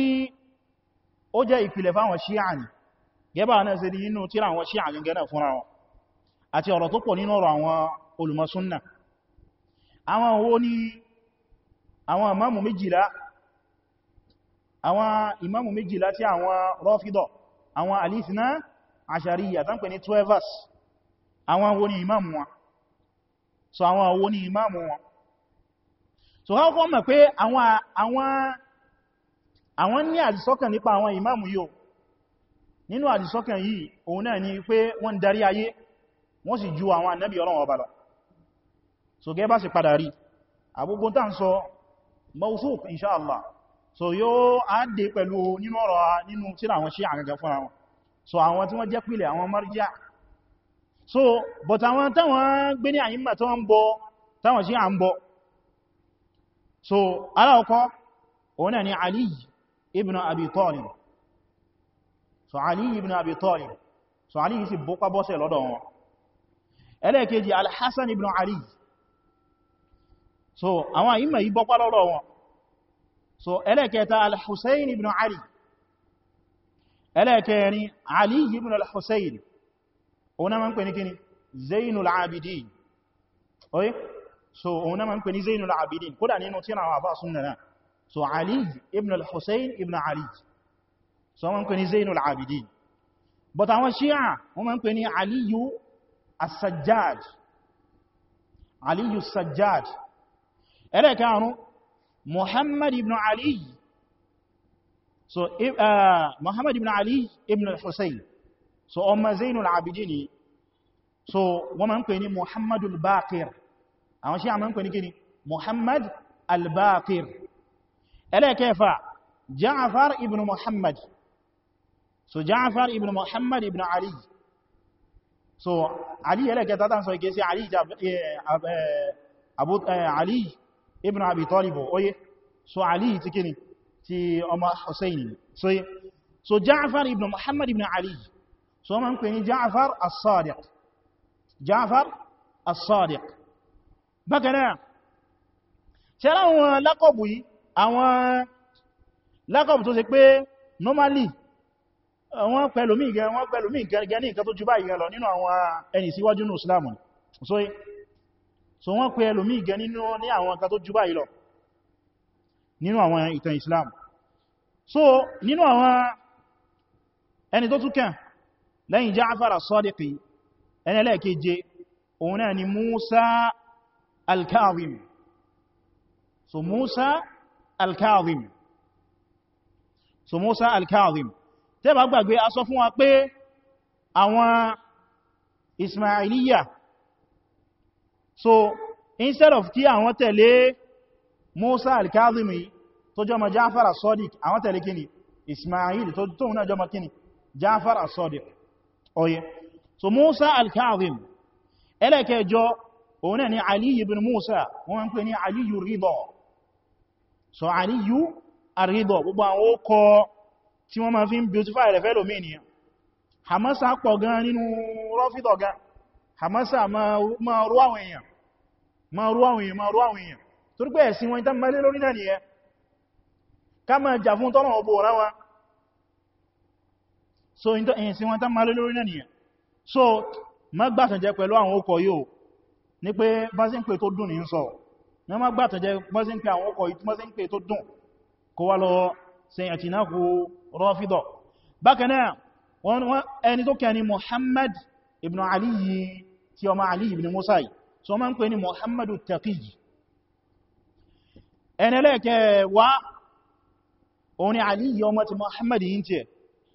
ó jẹ́ ìpìlẹ̀ fáwọn ṣíà ní gẹ́bà náà sí nínú tíra àwọn ṣíà gẹ́gẹ́ náà fúnra wọn àti ọ̀rọ̀ tó pọ̀ nínú ọ̀rọ̀ àwọn olùmọ̀súnnà àwọn owó ní àwọn imamu méjìlá àwọn imamu méjìlá tí àwọn rọ́fídọ̀ àwọn alìsìná àṣàríyà tán pè ní 12ers àwọn owó ní imamu wọn so àwọn owó ní imamu wọn so ká mọ̀ pé àwọn ní àdìsọ́kàn nípa àwọn imamu yóò nínú àdìsọ́kàn yìí òun náà ni pé wọ́n darí ayé wọ́n sì ju àwọn ànábì Ọlọ́run ọba lọ so gẹ́ bá sì padà rí agbogbo tán sọ mawthuq inṣáàlá so yóò á dé pẹ̀lú nínú ọ̀rọ̀ nínú tí àwọn ṣe àgagà fún àwọn so àwọn tí wọ́n jẹ́ pìlẹ̀ àwọn marjá so but àwọn táwọn gbé ní àyíma tó ń bọ táwọn ṣe à ń bọ so aláwọ̀kọ́ òun ni Ali ibn Abi Talib so Ali ibn Abi Talib so Ali sì bó pábọ́sẹ̀ lọ́dọ̀ wọn ẹlẹ́ẹ̀kejì alhassan ibn ali so àwọn àyíma yí bọ́pá lọ́rọ̀ wọn so ẹlẹ́ẹ̀kẹta alhussein ibn ali ẹlẹ́ẹ̀kẹrin ali ibn alhussein òun náà ma ń pè ní kíni zainul abidin oye so òun náà ma ń pè ní zainul abidin kódà nínú tí so ali ibn alhussein ibn ali so wọ́n ma ń pè ní zainul abidin but àwọn shi'a wọ́n ma ń pè ní aliyu السجاد علي السجاد إلا كانوا محمد بن علي so uh, Muhammad ibn Ali ibn al-Husayn so ọmọ Zainul Abidin so wọ́n ma ń pè ní Muhammad al-Baqir àwọn ṣe a ma ń pè ní kíni Muhammad al-Baqir ẹlẹ́kẹfà Ja'far ibn Muhammad so Ja'far ibn Muhammad ibn Ali so ali ẹlẹ́kẹta tán so ike sí eh, eh, eh, ali ibn abi talib oye so ali ti kíni ti ọmọ hussein so ye so ja'far ibn muhammad ibn ali so ma ń pè ní ja'far as-sadiq ja'far as-sadiq bákanáà ṣe láwọn lákọ̀bù yìí àwọn lákọ̀bù tó ṣe pé normally wọ́n pẹ̀lúmí gẹ́gẹ́ ní nǹkan tó jù báyìí lọ nínú àwọn ẹni síwájú ní Islam so wọ́n pẹ̀lúmí gẹ́ nínú ní àwọn nǹkan tó jù báyìí lọ nínú àwọn ìtàn Islam so nínú àwọn ẹni tó túnkàn lẹ́yìn Ja'far as-Sadiqi ẹni ẹlẹ́ẹ̀keje òun náà ni Musa al-Kazim so Musa al-Kazim so Musa al-Kazim tẹ́ bá gbàgbé a sọ fún wa pé àwọn Ismailiyya so instead of kí àwọn tẹ̀lé Musa al-Kazimi tó jọmọ Jafar as-Sadiq àwọn tẹ̀lé kíni Ismail tó tóun náà jọmọ kíni Jafar as oye so Musa al-Kazim ẹlẹ́kẹjọ òun náà ni Ali ibn Musa wọ́n ń pè ní Aliyu Ridha so Aliyu Ar-Ridha gbogbo àwọn ó tí wọ́n ma fi ń beautify rẹ̀ fẹ́lò mí nìyàn hamasa pọ̀ gan nínú rọ́fídọ̀ gan hamasa ma rú àwọn èèyàn ma rú àwọn èèyàn ma rú àwọn èèyàn torí pé ẹ̀sìn wọn ìtàn mẹ́lẹ́ lórí náà nìyẹn ká ma jà fún tọ́nà ọbọ̀ ọ̀rá wa so ẹ̀sìn wọn ìtàn mẹ́lẹ́ lórí náà nìyẹn so ma gbàtànjẹ́ pẹ̀lú àwọn okọ̀ yóò ní pé bá sí ń pè tó dùn ní ń sọ ní ma gbàtànjẹ́ bá sí ń pè àwọn okọ̀ yìí tó dùn kó wá lọ sẹ́yìn àti náà rọ́fídọ̀ bákanáà wọ́n ẹni tó kẹ ni Muhammad ibn Ali tí ọmọ Ali ibn Musa yìí so ma ń pè ní Muhammadu Taqiyyi ẹni lẹ́ẹ̀kẹ́ wá òní Ali ọmọ ti Muhammad yìí tẹ́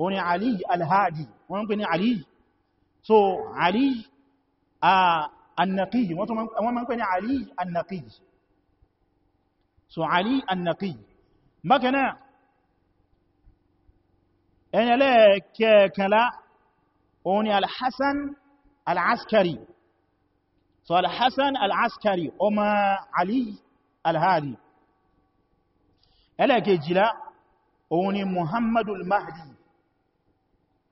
òní Ali al-Hadi wọ́n pè ní Ali so Ali an-Naqiyyi wọ́n ma ń pè ní Ali an so Ali an bákanáà ẹni ẹlẹ́ẹ̀kẹ́ẹ̀kẹ́lá òun ni alhassan al'askari so alhassan al'askari ọmọ ali alhadi ẹlẹ́ẹ̀kejìlá òun ni muhammadu al-mahdi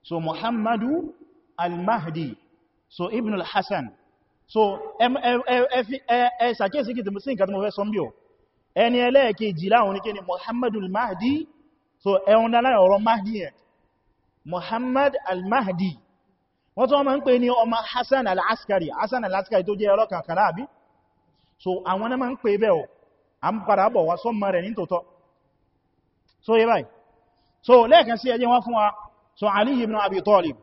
so muhammadu al-mahdi so ibn al-hassan so ẹ sàkíyèsí kìtì sí nǹkan tí mo fẹ́ sọ mbíọ̀ ẹni ẹlẹ́ẹ̀kejìlá òun ni muhammadu al-mahdi so ẹ̀hùn dálára ọ̀rọ̀ mahdi yẹn Muhammad al-Mahdi wọ́n tó ma ń pè ní ọmọ Hassan al-Askari Hassan al-Askari tó jẹ́ ọlọ́kan kan láàbí so àwọn náà ma ń pè bẹ́ o a ń padà bọ̀ wá sọ́mọ rẹ̀ ní tòótọ́ so yẹ báyìí so lẹ́ẹ̀kan sí ẹjẹ́ wọ́n fún wa so Ali ibn Abi Talib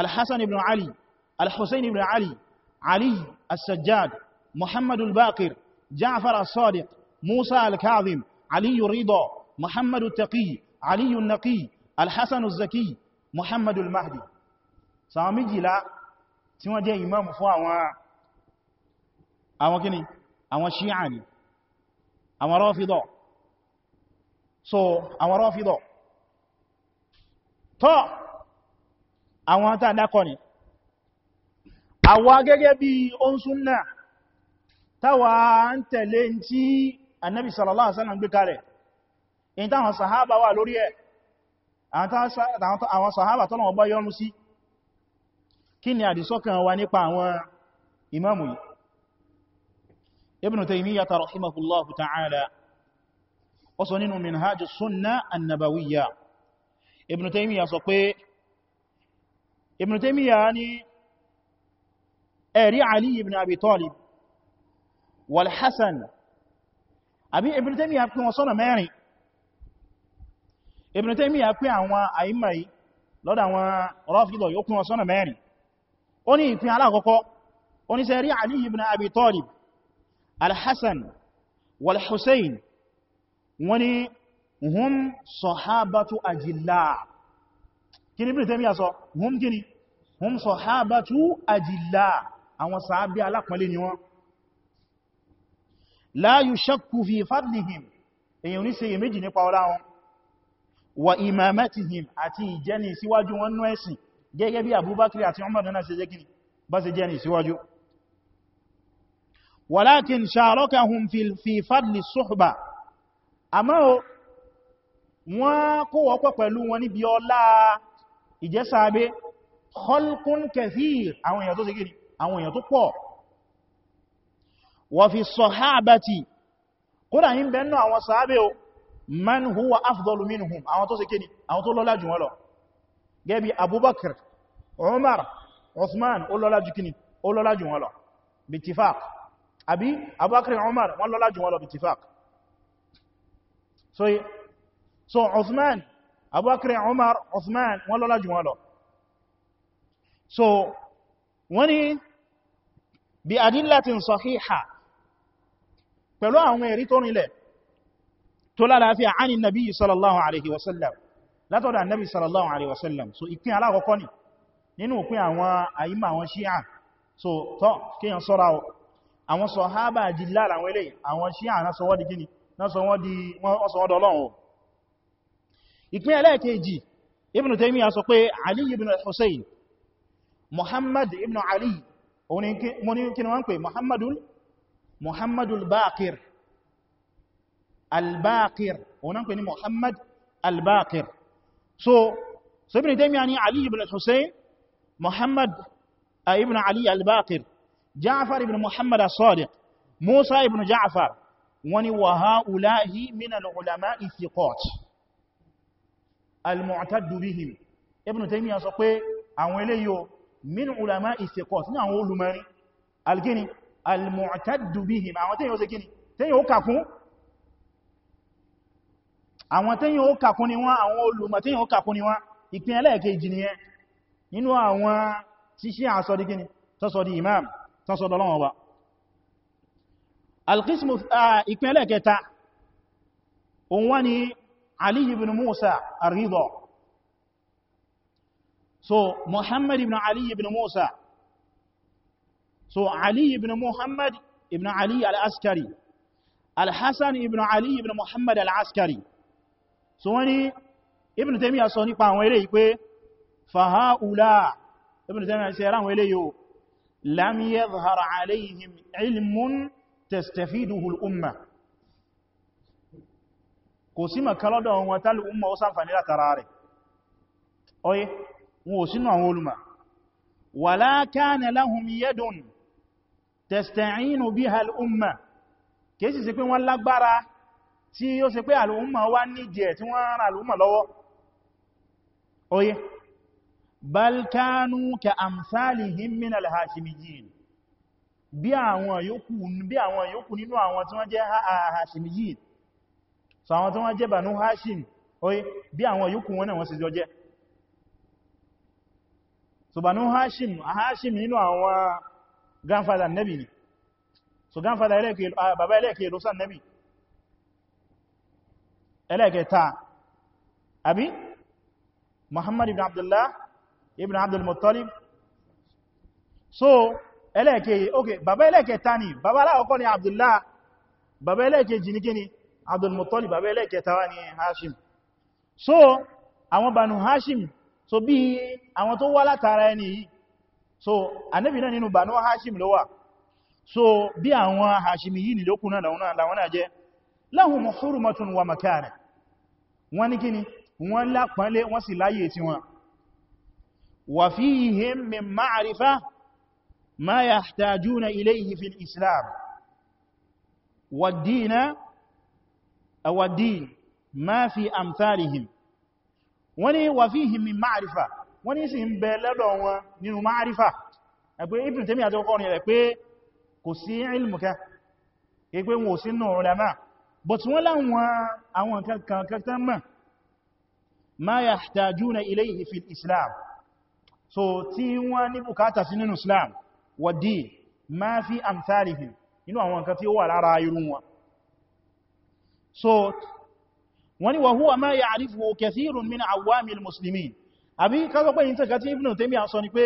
al-Hassan ibn Ali al-Hussein ibn Ali Ali al-Sajjad Muhammad al-Baqir Ja'far al-Sadiq Musa al-Kazim Ali al Muhammad al-Taqi Ali al al-Hassan al-Zaki muhammadul mahdi sàwọn méjìlá tí wọ́n jẹ́ imam fún àwọn kíni àwọn shi'a ni àwọn rọ́fidọ̀ so àwọn rọ́fidọ̀ tọ́ àwọn tàà dákọ̀ ni àwa gẹ́gẹ́ bí oún súnnà táwa ń tẹ̀lé tí annabi sallallahu alaihi gbé kalẹ̀ in táwọn sahaba wà lórí ẹ̀ àwọn sàhábà tọ́lọ̀wọ́ bá yọ́nú sí kí ni àdìsọ́kàn wa nípa àwọn imamu yìí ibn Taymiyyah rahimahullahu ta'ala ó sọ nínú minhajus sunna annabawiyya ibn Taymiyyah sọ pé ibn Taymiyyah ni ẹ̀rí Ali ibn Abi Talib wal Hasan àbí ibn Taymiyyah pín wọn sọ́nà mẹ́rin Ibn Taymiyyah pé àwọn àìmà yìí lọ́dọ̀ àwọn Rafidọ̀ yóò kún ọ̀sọ́nà mẹ́rin ó ní ìpín alákọ́kọ́ ó ní sẹ́rí Ali ibn Abi Talib al-Hasan wal-Hussein wọ́n ní hum sahabatu ajilla kí ni Ibn Taymiyyah sọ hum kí ni hum sahabatu ajilla àwọn sàábí alápọ̀lẹ́ ni wọ́n la yushakku fi fadlihim èyàn ní ṣeyèméjì nípa ọlá wọn wa imamatihim àti ìjẹni síwájú wọn nú ẹ̀sìn gẹ́gẹ́ bí abubakar àti umar náà ṣe jẹ́kini bá ṣe jẹni síwájú walakin sharakahum fi fadli suhba àmọ́ wọ́n kó wọ́pọ̀ pẹ̀lú wọn níbi ọlá ìjẹ́sàbé khalqun kathir àwọn èèyàn tó ṣe gini àwọn èèyàn tó pọ̀ man huwa afdalu minhum àwọn tó ṣe kíni àwọn tó lọ́lá jù wọ́n lọ gẹ́bí abubakar umar usman ó lọ́lá jù kíni ó lọ́lá jù wọ́n lọ bitifaq àbí abubakar umar wọ́n lọ́lá jù wọ́n lọ bitifaq so so usman abubakar umar usman wọ́n lọ́lá jù wọ́n lọ so wani bi adillatin sahiha pẹ̀lú àwọn ẹ̀rí tó nílẹ̀ tó lálàáfíà ánì nàbí sallallahu alaihi wasallam látọ̀dọ̀ annabi sallallahu alaihi wasallam so ìpín alákọ̀ọ́kọ́ ni nínú òpin àwọn àyíma àwọn ṣíà so tọ́ kíyàn sọ́ra ọ àwọn sọ̀hábà jìlá àwọn ilé àwọn ṣíà náà sọ wọ́n di gíní náà sọ wọ́n di wọ́n sọ wọ́dọ̀ ọlọ́run ìpín ẹlẹ́ẹ̀kejì ibn Taymiyyah sọ pé Ali ibn Hussein Muhammad ibn Ali albaqir òun náà pè ní muhammad albaqir so so ibn taymiya ní ali ibn al-hussein muhammad ibn ali albaqir ja'far ibn muhammad as-sadiq musa ibn ja'far wani wa ha'ulahi min al-ulama'i thiqat al-mu'taddu bihim ibn taymiya sọ pé àwọn eleyo min ulama'i thiqat ní àwọn olumari al-gini al-mu'taddu bihim àwọn teyan ó ṣe kini teyan àwọn tẹ́yìn ó kàkún ni wọ́n àwọn olùmọ̀ tẹ́yìn ó kàkún ni wọ́n ìpín ẹlẹ́ẹ̀kejì ni ẹ́ nínú àwọn tí ṣe àsọdí gíní tọ́sọdí imam tosodolowowo al hasan ibn ali ibn muhammad al-askari al askari so wọ́n ní Ibn Taymiyyah sọ nípa àwọn eléyìí pé fàháùlá Ibn Taymiyyah sẹ ráwọn eléyìí o lam yadhhar alayhim ilmun tastafiduhu al-umma kò sí makalọ́dọ̀ wọn tàbí umma ó sàǹfàní látara rẹ̀ ọyẹ́ wọn ò sínú àwọn olùmọ̀ wala kana lahum yadun tasta'inu biha kìí sì sí pé wọ́n lágbára tí ó ṣe pé àlùmọ̀ wá níjẹ̀ tí wọ́n rán àlùmọ̀ lọ́wọ́ oye balkanu ka amsalihim min alhashimiyin bí àwọn yòókù bí àwọn yòókù nínú àwọn tí wọ́n jẹ́ hashimiyin so àwọn tí wọ́n jẹ́ banu hashim oye bí àwọn yòókù wọn náà wọ́n sì jọ jẹ́ so banu hashim hashim nínú àwọn grandfather nabi ni so grandfather ilẹ̀ kìí lọ́sàn nabi ẹlẹ́ẹ̀kẹta àbí muhammad ibn abdullah ibn abdul muttalib so ẹlẹ́ẹ̀kẹ́ ok bàbá ẹlẹ́ẹ̀kẹta ni bàbá aláwọ̀kọ́ ni abdullah bàbá ẹlẹ́ẹ̀kejì ni kíni abdul muttalib bàbá ẹlẹ́ẹ̀kẹta wá ni hashim so àwọn banu hashim so bí àwọn tó wá látara ẹni yìí so ànábì náà nínú banu hashim ló wà so bí àwọn hashim yìí ni náà làwọn náà jẹ́ lahum hurmatun wa makana wọ́n ní kíni wọ́n lápánlé wọ́n sì láyé tí wọ́n wa fihim min ma'rifa ma yahtajuna ilayhi fil islam wad-din aw-din ma fi amthalihim wọ́n ní wa fihim min ma'rifa wọ́n ní sì ń bẹ lọ́dọ̀ wọn nínú ma'rifa ẹgbẹ́ Ibn Taymiyyah àti ọkọ̀ rẹ̀ pé kò sí ilmùkẹ́ ẹgbẹ́ wọn ò sínú ulama but wọ́n láwọn àwọn kankan mọ̀ ma yahtajuna ilayhi fil islam so tí wọ́n ní bùkátà sí nínú islam wàdí ma fi amsalihim inú àwọn nǹkan tí ó wà lára irun wọn so wọ́n ni wa huwa ma ya'rifuhu kathirun min awamil muslimin àbí ká sọ pé yìí tí ibn Taymiyyah sọ ni pé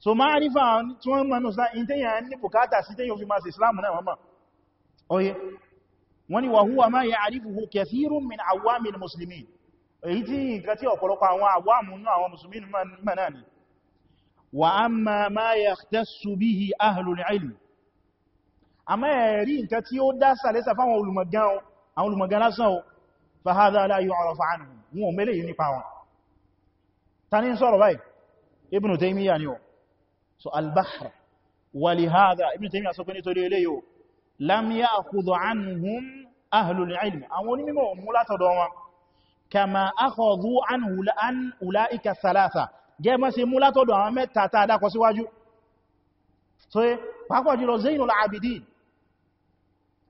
so ma'arifa tí wọ́n mọ̀ náà in tẹ́yà ní bukata sí tẹ́yà fi máa ṣe islam náà mọ̀ oye wọ́n ni wa huwa ma ya'rifuhu kathirun min awamil muslimin èyí tí nǹkan tí ọ̀pọ̀lọpọ̀ àwọn àwámù náà àwọn musulmi mọ̀ náà ni wa amma ma yahtassu bihi ahlul ilm àmá ẹ̀rí nǹkan tí ó dá sàlẹ́sà fáwọn olùmọ̀gán lásán o Ibn Taymiyyah ni o so al-bahr walihada ibn taymiya sọ pé nítorí eléyò lam ya'khudhu anhum ahlul ilm àwọn onímọ̀ mú látọ̀dọ̀ wọn kama akhadhu anhu an ulaika thalatha jẹ́ mọ́ sí mú látọ̀dọ̀ àwọn mẹ́ta tá dákọ síwájú so pàápàá jùlọ zainul abidin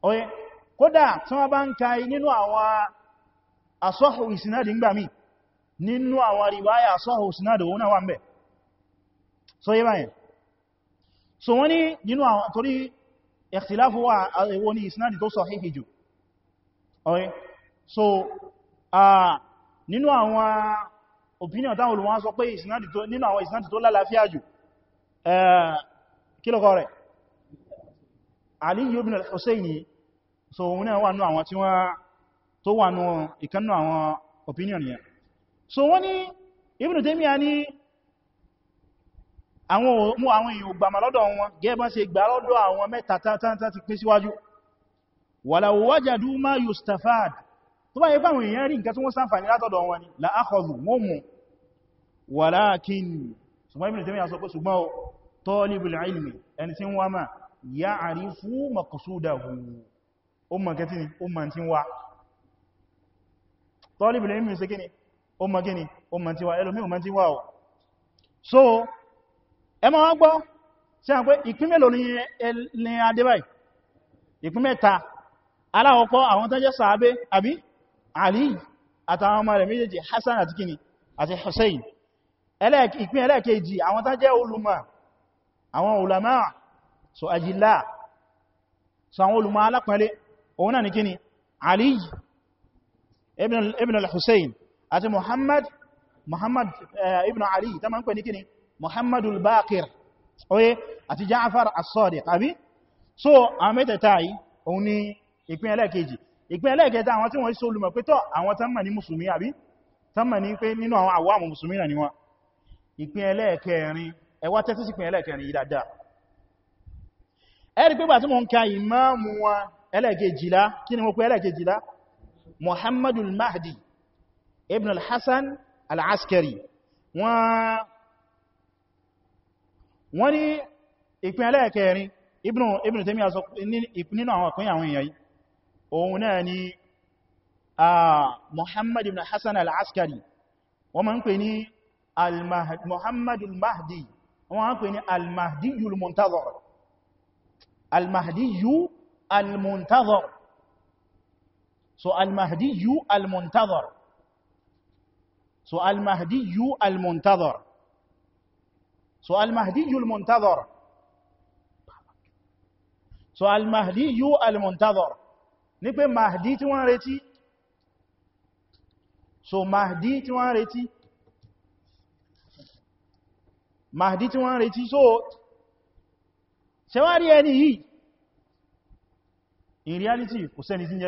oye kódà tí wọ́n bá ń ka nínú so wọ́n ní nínú àwọn torí ẹ̀kìtìláfù wà àwọn ní ìsinádi tó sahihi jù Okay. so ah, nínú àwọn opinion táwọn olùwọ́n sọ pé nínú àwọn ìsinádi tó lálàáfíà jù kí lọ́kọ́ rẹ̀ Ali ibn al-Husayni so wọ́n náà wà nú àwọn tí wọ́n tó wà nú ìkannú opinion yẹn so wọ́n ní Ibn Taymiyyah ní àwọn mú àwọn èèyàn ògbàmà lọ́dọ̀ wọn gẹ́bọ́n ṣe gbà lọ́dọ̀ àwọn mẹ́ta tán ti pín síwájú walau wajadu ma yustafad tó bá yẹ fáwọn èèyàn rí nǹkan tí wọ́n sàǹfàní látọ̀dọ̀ wọn ni la akhadhu wọ́n mú walakin ṣùgbọ́n Ibn Taymiyyah sọ pé ṣùgbọ́n talibul ilmi ẹni tí ń wá mà ya'rifu maqsudahu ó mọ̀ kẹtí ni ó mọ̀ tí wá talibul ilmi ṣe kíni so ẹ ma wọ́n gbọ́ ṣe àpé ìpín mélòó ní ẹlẹ́ adébáì ìpín mẹ́ta aláwọ̀kọ́ àwọn tó jẹ́ sàábé àbí Ali àtàwọn ọmọ rẹ̀ méjèèjì Hassan àti kini àti Hussein ìpín ẹlẹ́ẹ̀kejì àwọn tó olùmọ̀ ibn al-Hussein àti Muhammad eh, ibn Ali ta ma ń pè ní kini muhammadu al-baqir oye àti ja'far as-sadiq àbí so àwọn mẹ́tẹ̀ẹ̀ta yìí òun ni ìpín ẹlẹ́ẹ̀kejì ìpín ẹlẹ́ẹ̀kẹta àwọn tí wọ́n sọ olùmọ̀ pé tọ́ àwọn tánmà ní musulmi àbí tánmà ní pé nínú àwọn àwọ́mù musulmi náà ni wọ́n ìpín ẹlẹ́ẹ̀kẹrin ẹ wá tẹ́tí sí ìpín ẹlẹ́ẹ̀kẹrin yìí dáadáa ẹ rí pé bá tí mo ń ka ìmáàmù wọn wọ́n ní ìpín ẹlẹ́ẹ̀kẹrin Ibn Taymiyyah sọ nínú àwọn ìpín àwọn èèyàn yìí òun náà ni a mohamed ibn Hassan al-Askari wọ́n ma ń pè ní Muhammad al-Mahdi wọ́n ma ń pè ní al-Mahdi al-Muntazir al-Mahdi al-Muntazir so al-Mahdi al-Muntazir so al-Mahdi al-Muntazir so al-mahdiyu al-muntazar so al-mahdiyu al-muntazar ní pé mahdi tí wọ́n retí so mahdi tí wọ́n retí mahdi tí wọ́n retí so ṣe wá rí ẹni yìí in reality kò sẹ́ni tí ń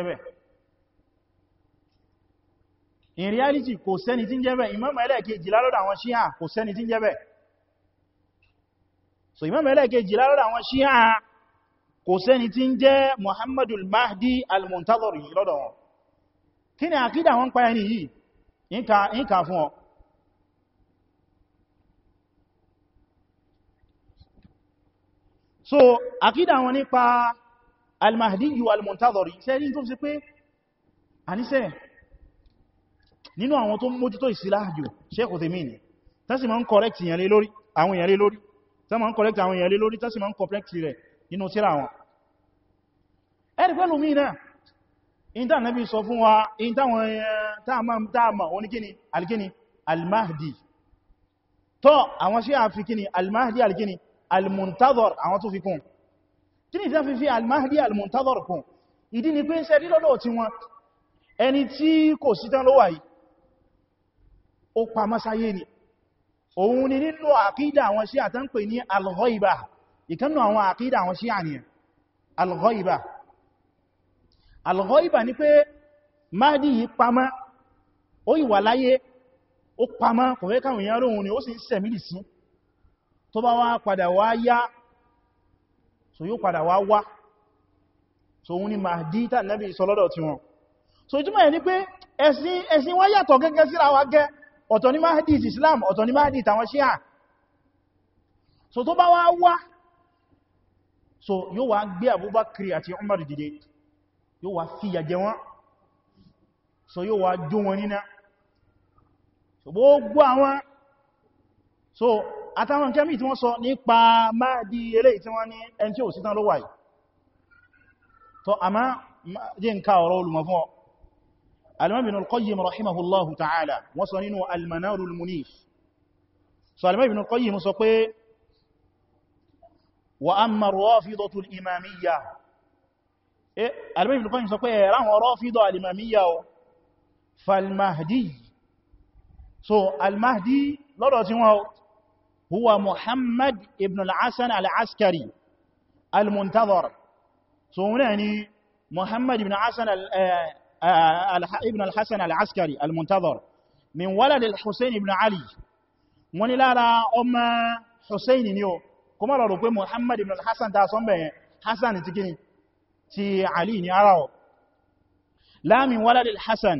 in reality kò sẹ́ni tí ń jẹ́ bẹ́ẹ̀ imam ẹlẹ́ẹ̀kejì lálọ́dọ̀ àwọn ṣíhà kò sẹ́ni tí ń jẹ́ so imam ẹlẹ́kejì lára àwọn ṣíhá kò sẹ́ni tí ń jẹ́ muhammadul mahdi al-muntazir yìí lọ́dọ̀ wọn kí ni àkídà wọn pa ẹni yìí ń ka fún ọ so àkídà wọn nípa al-mahdi yìí al-muntazir yìí sẹ́ni tó fi pé àníṣẹ́ nínú àwọn tó mójútó ìsìláàjò sheikh uthaymeen tẹ́sì ma ń correct ìyànlé lórí àwọn lórí tí wọ́n kọ̀lẹ́kì àwọn èèyàn lé lórí tọ́sí wọ́n kọ̀lẹ́kì rẹ̀ nínú tírà wọn ẹ̀rì pẹ́lú mí náà ìntà nẹ́bí sọ fún wa ìntà wọn táàmà wọn kíni alkíni almahdi tọ́ àwọn sí àfi kíni almahdi alkíni almuntadhar àwọn tó fi kún kíni tí fi fi almahdi almuntadhar kún ìdí ni pé ń sẹ́rí lọ́dọ̀ tí wọn ẹni tí kò sí tán ló yìí ó pa másáyé ni òun ni nínú àkídà àwọn Ṣíà tán pè ní al-ghaiba ìkánnù àwọn àkídà àwọn Ṣíà ni al-ghaiba al-ghaiba ni pé Mahdi yìí pamọ́ ó ìwà láyé ó pamọ́ kò fẹ́ káwọn èèyàn róhun ni ó sì ń sẹ̀mílì sí tó bá wá padà wá yá so ọ̀tọ̀ ni mahdi islam ọ̀tọ̀ ni mahdi tàwọn ṣíà so tó bá wá wá so yóò wá gbé abubakiri àti umar dìde yóò wá fìyà jẹ wọn so yóò wá jó wọn níná so gbogbo àwọn so àtàwọn kẹ́mì tí wọ́n sọ nípa mahdi eléyìí tí wọ́n ní ẹni tí ò sí tán ló yìí so àmá jẹ́ nǹka ọ̀rọ̀ olùmọ̀ fún ọ الإمام ابن القيم رحمه الله تعالى وصنينه المنار المنيف فالإمام ابن القيم سقي وأما الرافضة الإمامية إيه، الإمام ابن القيم سقي إيه، رحمه رافضة الإمامية فالمهدي so المهدي هو محمد ابن الحسن العسكري المنتظر so wọ́n يعني محمد ابن الحسن آه، ibn al-hassan al-askari al-muntazar min walad al-hussein ibn ali wọ́n ni lára ọmọ hussein ni o kuma rọrọ pé muhammad ibn al-hassan ta sọ́n bẹ̀yẹn hassan ti gini ti ali ni ara o la min walad al-hassan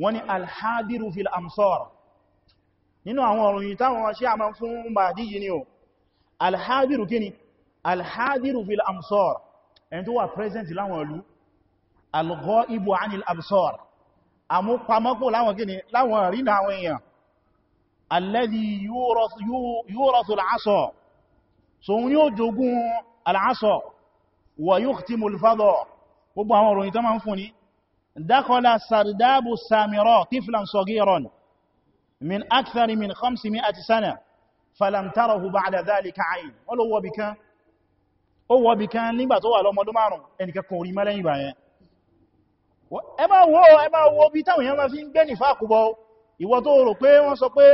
wọ́n ni al-hadiru fil amsar nínú àwọn òròyìn táwọn ṣe àmà fún bàdí yìí ni o al-hadiru kini al-hadiru fil amsar ẹni tó wà present láwọn ìlú al ibu 'anil absar àmúpamọ́kò láwọn gini láwọn rínà àwọn èèyàn alladhi yurasu al-'asa so ní ó jogun al-'asa wa yukhtimu al-fadha gbogbo àwọn òròyìn tó máa ń fún ní dakhala sardabu samirọ́ tiflan saghiran min akthar min ati sana falam hu ba'da dhalika 'ayn wọ́n ló wọ́bi kan nígbà tó wà lọ́mọdún márùn-ún ẹnìkẹ́kọ̀ọ́ orí mẹ́lẹ́yìn báyẹn ẹ máa wo ẹ máa wo bí táwọn èèyàn máa fi ń gbé ní fàkúbọ ìwọ tó rò pé wọ́n sọ pé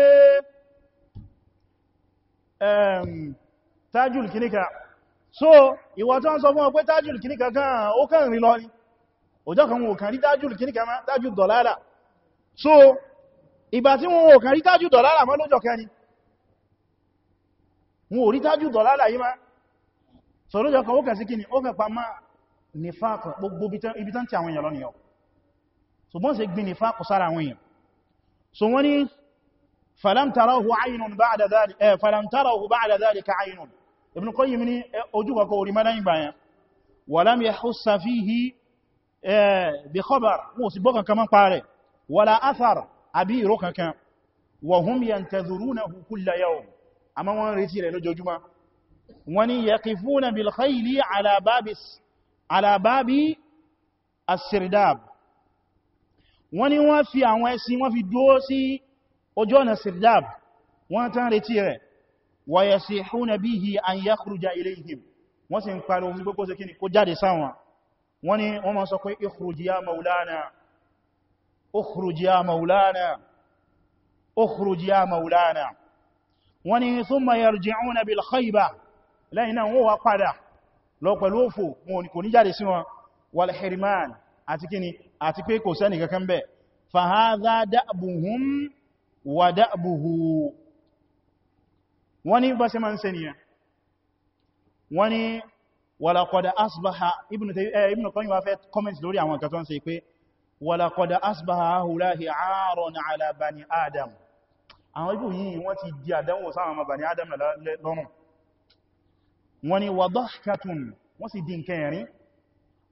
tajul kìníkà so ìwọ tó ń sọ fún ọ tajul kìníkà kan ó kàn rí lọ ní ọjọ́ kan wò kàn rí tajul kìníkà má tajul dọ̀lára so ìgbà tí wọn ò kàn rí tajul dọ̀lára mọ́ lọ́jọ́ kan ni rí tajul dọ̀lára yìí má so lọ́jọ́ kan ó kàn sí kíni ó kàn pa má nífàkọ̀ gbogbo ibi tán tí àwọn èèyàn lọ́nìyàn so bọ́n se gbin kò sára wọn èèyàn so wọ́n ni falam tarahu aynun ba'da dhalika eh falam tarahu ba'da dhalika aynun Ibn Qayyim ní ojú kọ̀kọ̀ orí mẹ́lẹ́yìn bayan walam yahussa fihi eh bi khabar wọ́n sì bọ́kan kaman parẹ́ wala athar àbí ìró kankan wa hum yantazirunahu kulla yawm àmọ́ wọ́n retí rẹ̀ lójoojúmọ́ wọ́n ni yaqifuna bil khayli ala babi ala babi as-sirdab wọ́n ní wọ́n fi àwọn ẹṣin wọ́n fi dúó sí ojú ọ̀nà sirdab wọ́n tán retí rẹ̀ wa yasihuna bihi an yakhruja ilayhim wọ́n sì ń pariwo sí gbogbo sekini kó jáde sáwọn wọ́n ní wọ́n ma sọ pé ikhruj ya maulana ukhruj ní thumma yarji'una bil wọ́n ní wọn àti kíni àti pé kò sẹ́nì kankan bẹ̀ fàhádá dáàbùhún wà dáàbùhù wọ́n ni bá ṣe máa ń sẹ́nìyàn wọ́n ni wàlàkọ̀dà asbaha eh, ibn Qayyim wá fẹ́ comment lórí àwọn ǹkan tó ń ṣe pé wàlàkọ̀dà asbaha ahùláhì àárọ̀n ala bani adam àwọn ibò yìí wọ́n ti di àdánwò sáwọn ọmọ adam lọ́rùn wọ́n ni wàdọ́kàtún wọ́n sì di nkẹrin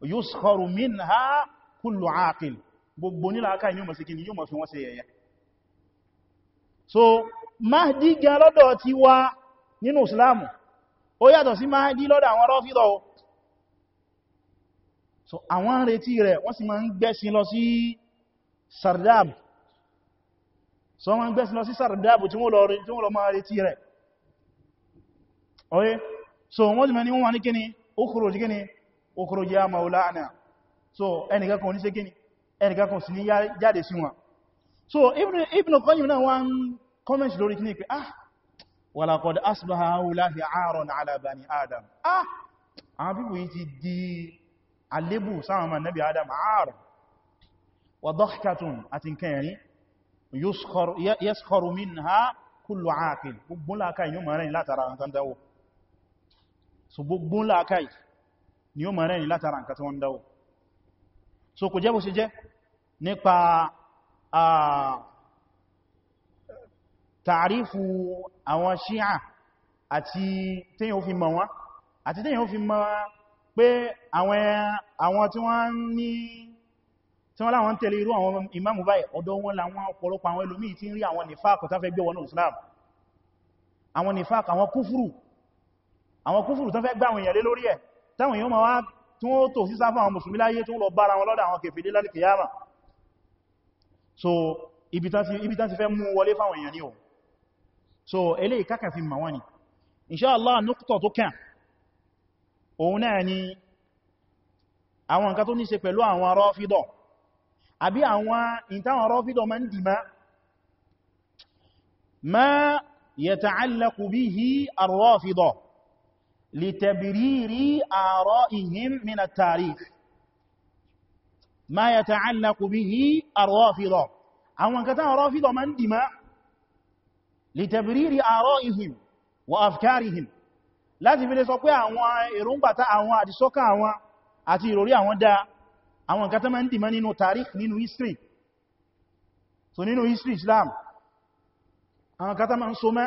yuskharu minha kullu aqil gbogbo nílá aka ni ó mọ̀ sí yóò mọ̀ fi wọ́n ṣe yẹ̀yẹ́ so mahdi gan lọ́dọ̀ ti wá nínú islamu ó yàtọ̀ sí mahdi lọ́dọ̀ àwọn rọ́fídọ̀ so àwọn ń retí rẹ̀ wọ́n sì máa ń gbẹ́sìn lọ sí sardab so wọ́n gbẹ́sìn lọ sí sardab tí wọ́n lọ máa retí rẹ̀ oye so wọ́n jùmẹ́ ni wọ́n wà ní kíni ó kúrò kíni okòrò jẹ́ maulana so ẹnìkankan ní sékíní ẹnìkankan sí ní jáde sí wọn so Ibn Qayyim náà wọ́n comment lórí kí ní pé ah walaqad asbaha haulahi aaron ala bani adam ah àwọn pípò yìí ti di alébù sáwọn man nabi adam aaron wa dhahkatun àti kẹrin yaskharu minha kullu aqil gbogbo láàkàí yóò mọ̀ rẹ̀ látara àwọn tán dáwọ́ so gbogbo láàkàí ni ó mọ̀rẹ́ ni látara nǹkan tí wọ́n ń dáwò so kò jẹ́ bó ṣe jẹ́ nípa tààrífù àwọn ṣíà àti téyàn ó fi mọ̀ wọ́n àti téyàn ó fi mọ̀ pé àwọn tí wọ́n ní tí wọ́n láwọn tẹ̀lé irú àwọn imamu báyìí ọ̀dọ̀ wọn láwọn ọ̀pọ̀lọpọ̀ àwọn ẹlòmíì tí ń rí àwọn nìfàkù tó gbé wọnú Islam àwọn nìfàkù àwọn kúfùrù àwọn kúfùrù tó fẹ́ gbáwọn èèyàn lé lórí ẹ̀ táwọn èèyàn ma wá tún ó tò sísá fún àwọn mùsùlùmí láyé tún lọ bára wọn lọ́dọ̀ àwọn kèfèdé lálìkì yáma so ibi tán ti fẹ́ mú wọlé fáwọn èèyàn ní o so eléyìí kákà fi màwọn ni inṣáàlá nukutọ̀ tó kàn òun náà ni àwọn nǹkan tó ní ṣe pẹ̀lú àwọn rọ́fídọ̀ àbí àwọn ìtàwọn rọ́fídọ̀ ma ń لتبرير آرائهم من التاريخ ما يتعلق به الرافضة أن كتاب الرافضة من دماء لتبرير آرائهم وأفكارهم láti fi lè sọ pé àwọn èròǹgbàtà àwọn àdìsọ́kà àwọn àti ìròrí àwọn dá àwọn nǹkan tó máa ń dìmọ́ nínú tàríkì nínú history so nínú history Islam àwọn nǹkan tó máa ń so mẹ́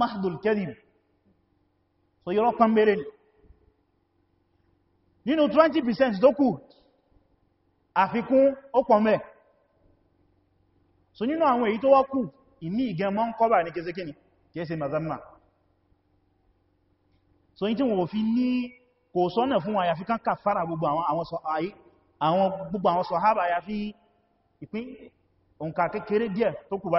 mahdul kadhib so yọ́rọ̀ pàmbẹ̀rẹ̀ ni nínú 20% tó kù àfikún ó pọ̀mẹ́ so nínú àwọn èyí tó wá kù ìmí ìgẹ́ mọ́ ń kọ́bà ní kése kíni kése mazamma so yí tí wọ́n fi ní kò sọ́nà fún àyàfi kan kàfàrà gbogbo àwọn gbogbo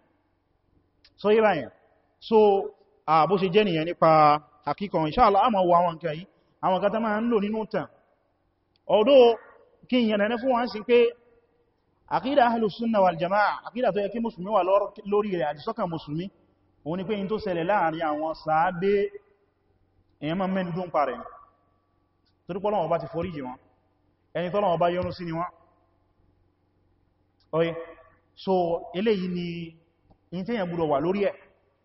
so yí báyìí so àbó ṣe jẹ́ nìyẹn nípa àkíkọ̀ inshallah àmà wọ àwọn nǹkan yìí àwọn kata máa ń lò nínú tàn ọ̀dọ́ kí n yẹnẹ̀ fún wọn sí pé àkídà ahlus sunna wal jama'a àkídà tó yẹ kí mùsùlùmí wà lórí rẹ̀ àdìsọ́kàn mùsùlùmí òun ni pé in tó ṣẹlẹ̀ láàrin àwọn sàábé èyàn máa mẹ́nu tó ń parẹ̀ ni torí pé Ọlọ́run bá ti foríjì wọn ẹni tọ́lọ́run bá yọ́nú sí ni wọ́n oye so eléyìí ni in tí yẹn gbọ́dọ̀ wà lórí ẹ̀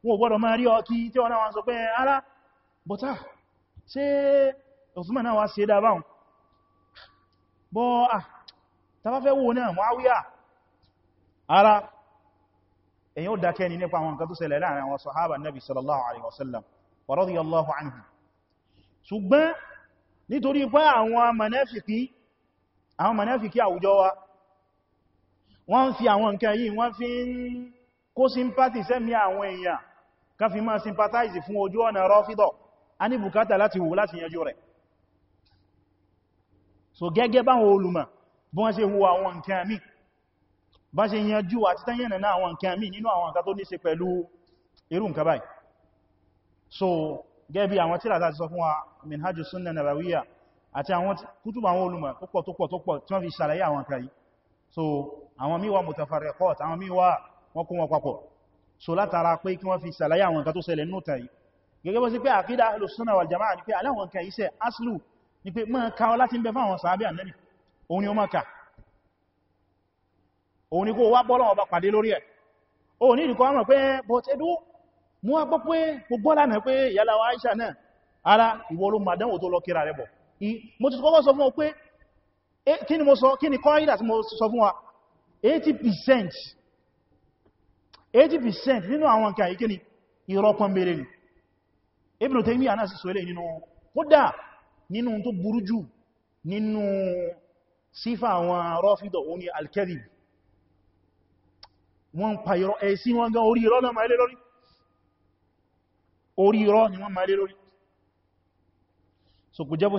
wọ́n gbọ́dọ̀ máa rí ọkí tí wọ́n náà wọ́n sọ pé ara bọ́tá ah, ṣe Usman náà wá sí ẹ̀dà báhùn bọ́ à ah, tàbáfẹ́ wo náà Muawiya ara èyàn ó dákẹ́ ní nípa àwọn nǹkan tó ṣẹlẹ̀ láàrin àwọn sahaba nabi sallallahu alaihi wasallam kó sympathy sẹ́mí àwọn èèyàn ká fi máa sympathize fún ojú ọ̀nà rọ́fídọ̀ a ní bùkátà láti wò láti yanjú rẹ̀ so gẹ́gẹ́ báwọn olùmọ̀ bí wọ́n ṣe wo àwọn nǹkan mí bá ṣe yanjú àti tẹ́yẹnà náà àwọn nǹkan mí nínú àwọn nǹkan tó ní ṣe so gẹ́gẹ́ bí àwọn tíra láti sọ sunna nabawiya àti àwọn kútùbà àwọn olùmọ̀ tó pọ̀ tó pọ̀ tó pọ̀ tí wọ́n fi ṣàlàyé àwọn nǹkan yìí so àwọn wọ́n kó wọn papọ̀ so látara pé kí wọ́n fi sàlàyé àwọn nǹkan tó ṣẹlẹ̀ nù tàyí gẹ́gẹ́ bó sí pé àkídà ahlus sunna wal jamaa ni pé aláwọn nǹkan iṣẹ́ aslu ni pé máa ka ọ láti ń bẹ fún àwọn sàábí ànábì òun ni ó máa ka òun ni kó wá bọ́lọ̀ ọba pàdé lórí ẹ̀ o ní ìdíkọ́ àmọ̀ pé but edu mú wá gbọ́ pé gbogbo lánàá pé yàlá wa Aisha náà ara ìwọ ló màdánwò tó lọ kíra rẹ̀ bọ̀ mo ti kọ́kọ́ sọ fún ọ pé 80% nínú àwọn nǹkan ìkí ni ìrọ́pọ̀ mẹ́rẹ ni Ibn Taymiyyah náà sì sọ ilé nínú kódà nínú tó burú jù nínú sífà àwọn Rāfidah òun ni al-kadhib wọ́n pa irọ́ ẹ̀sí wọ́n gan orí irọ́ náà máa lé lórí orí irọ́ ni wọ́n máa lé lórí so kò jẹ́ bó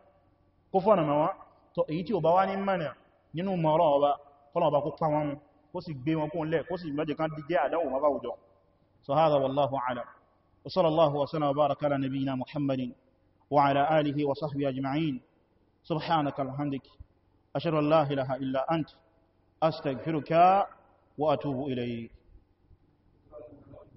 kó fọ́nà mọ́ wọn tó èyí tí ò bá wá ní mẹ́nà nínú mọ́rọ̀ ọba kọ́nà ọba kó pa wọn kó sì gbé wọn kún lẹ̀ kó sì mẹ́jẹ̀ kan díjẹ́ àdánwò mọ́ báwùjọ so wa atubu ilayk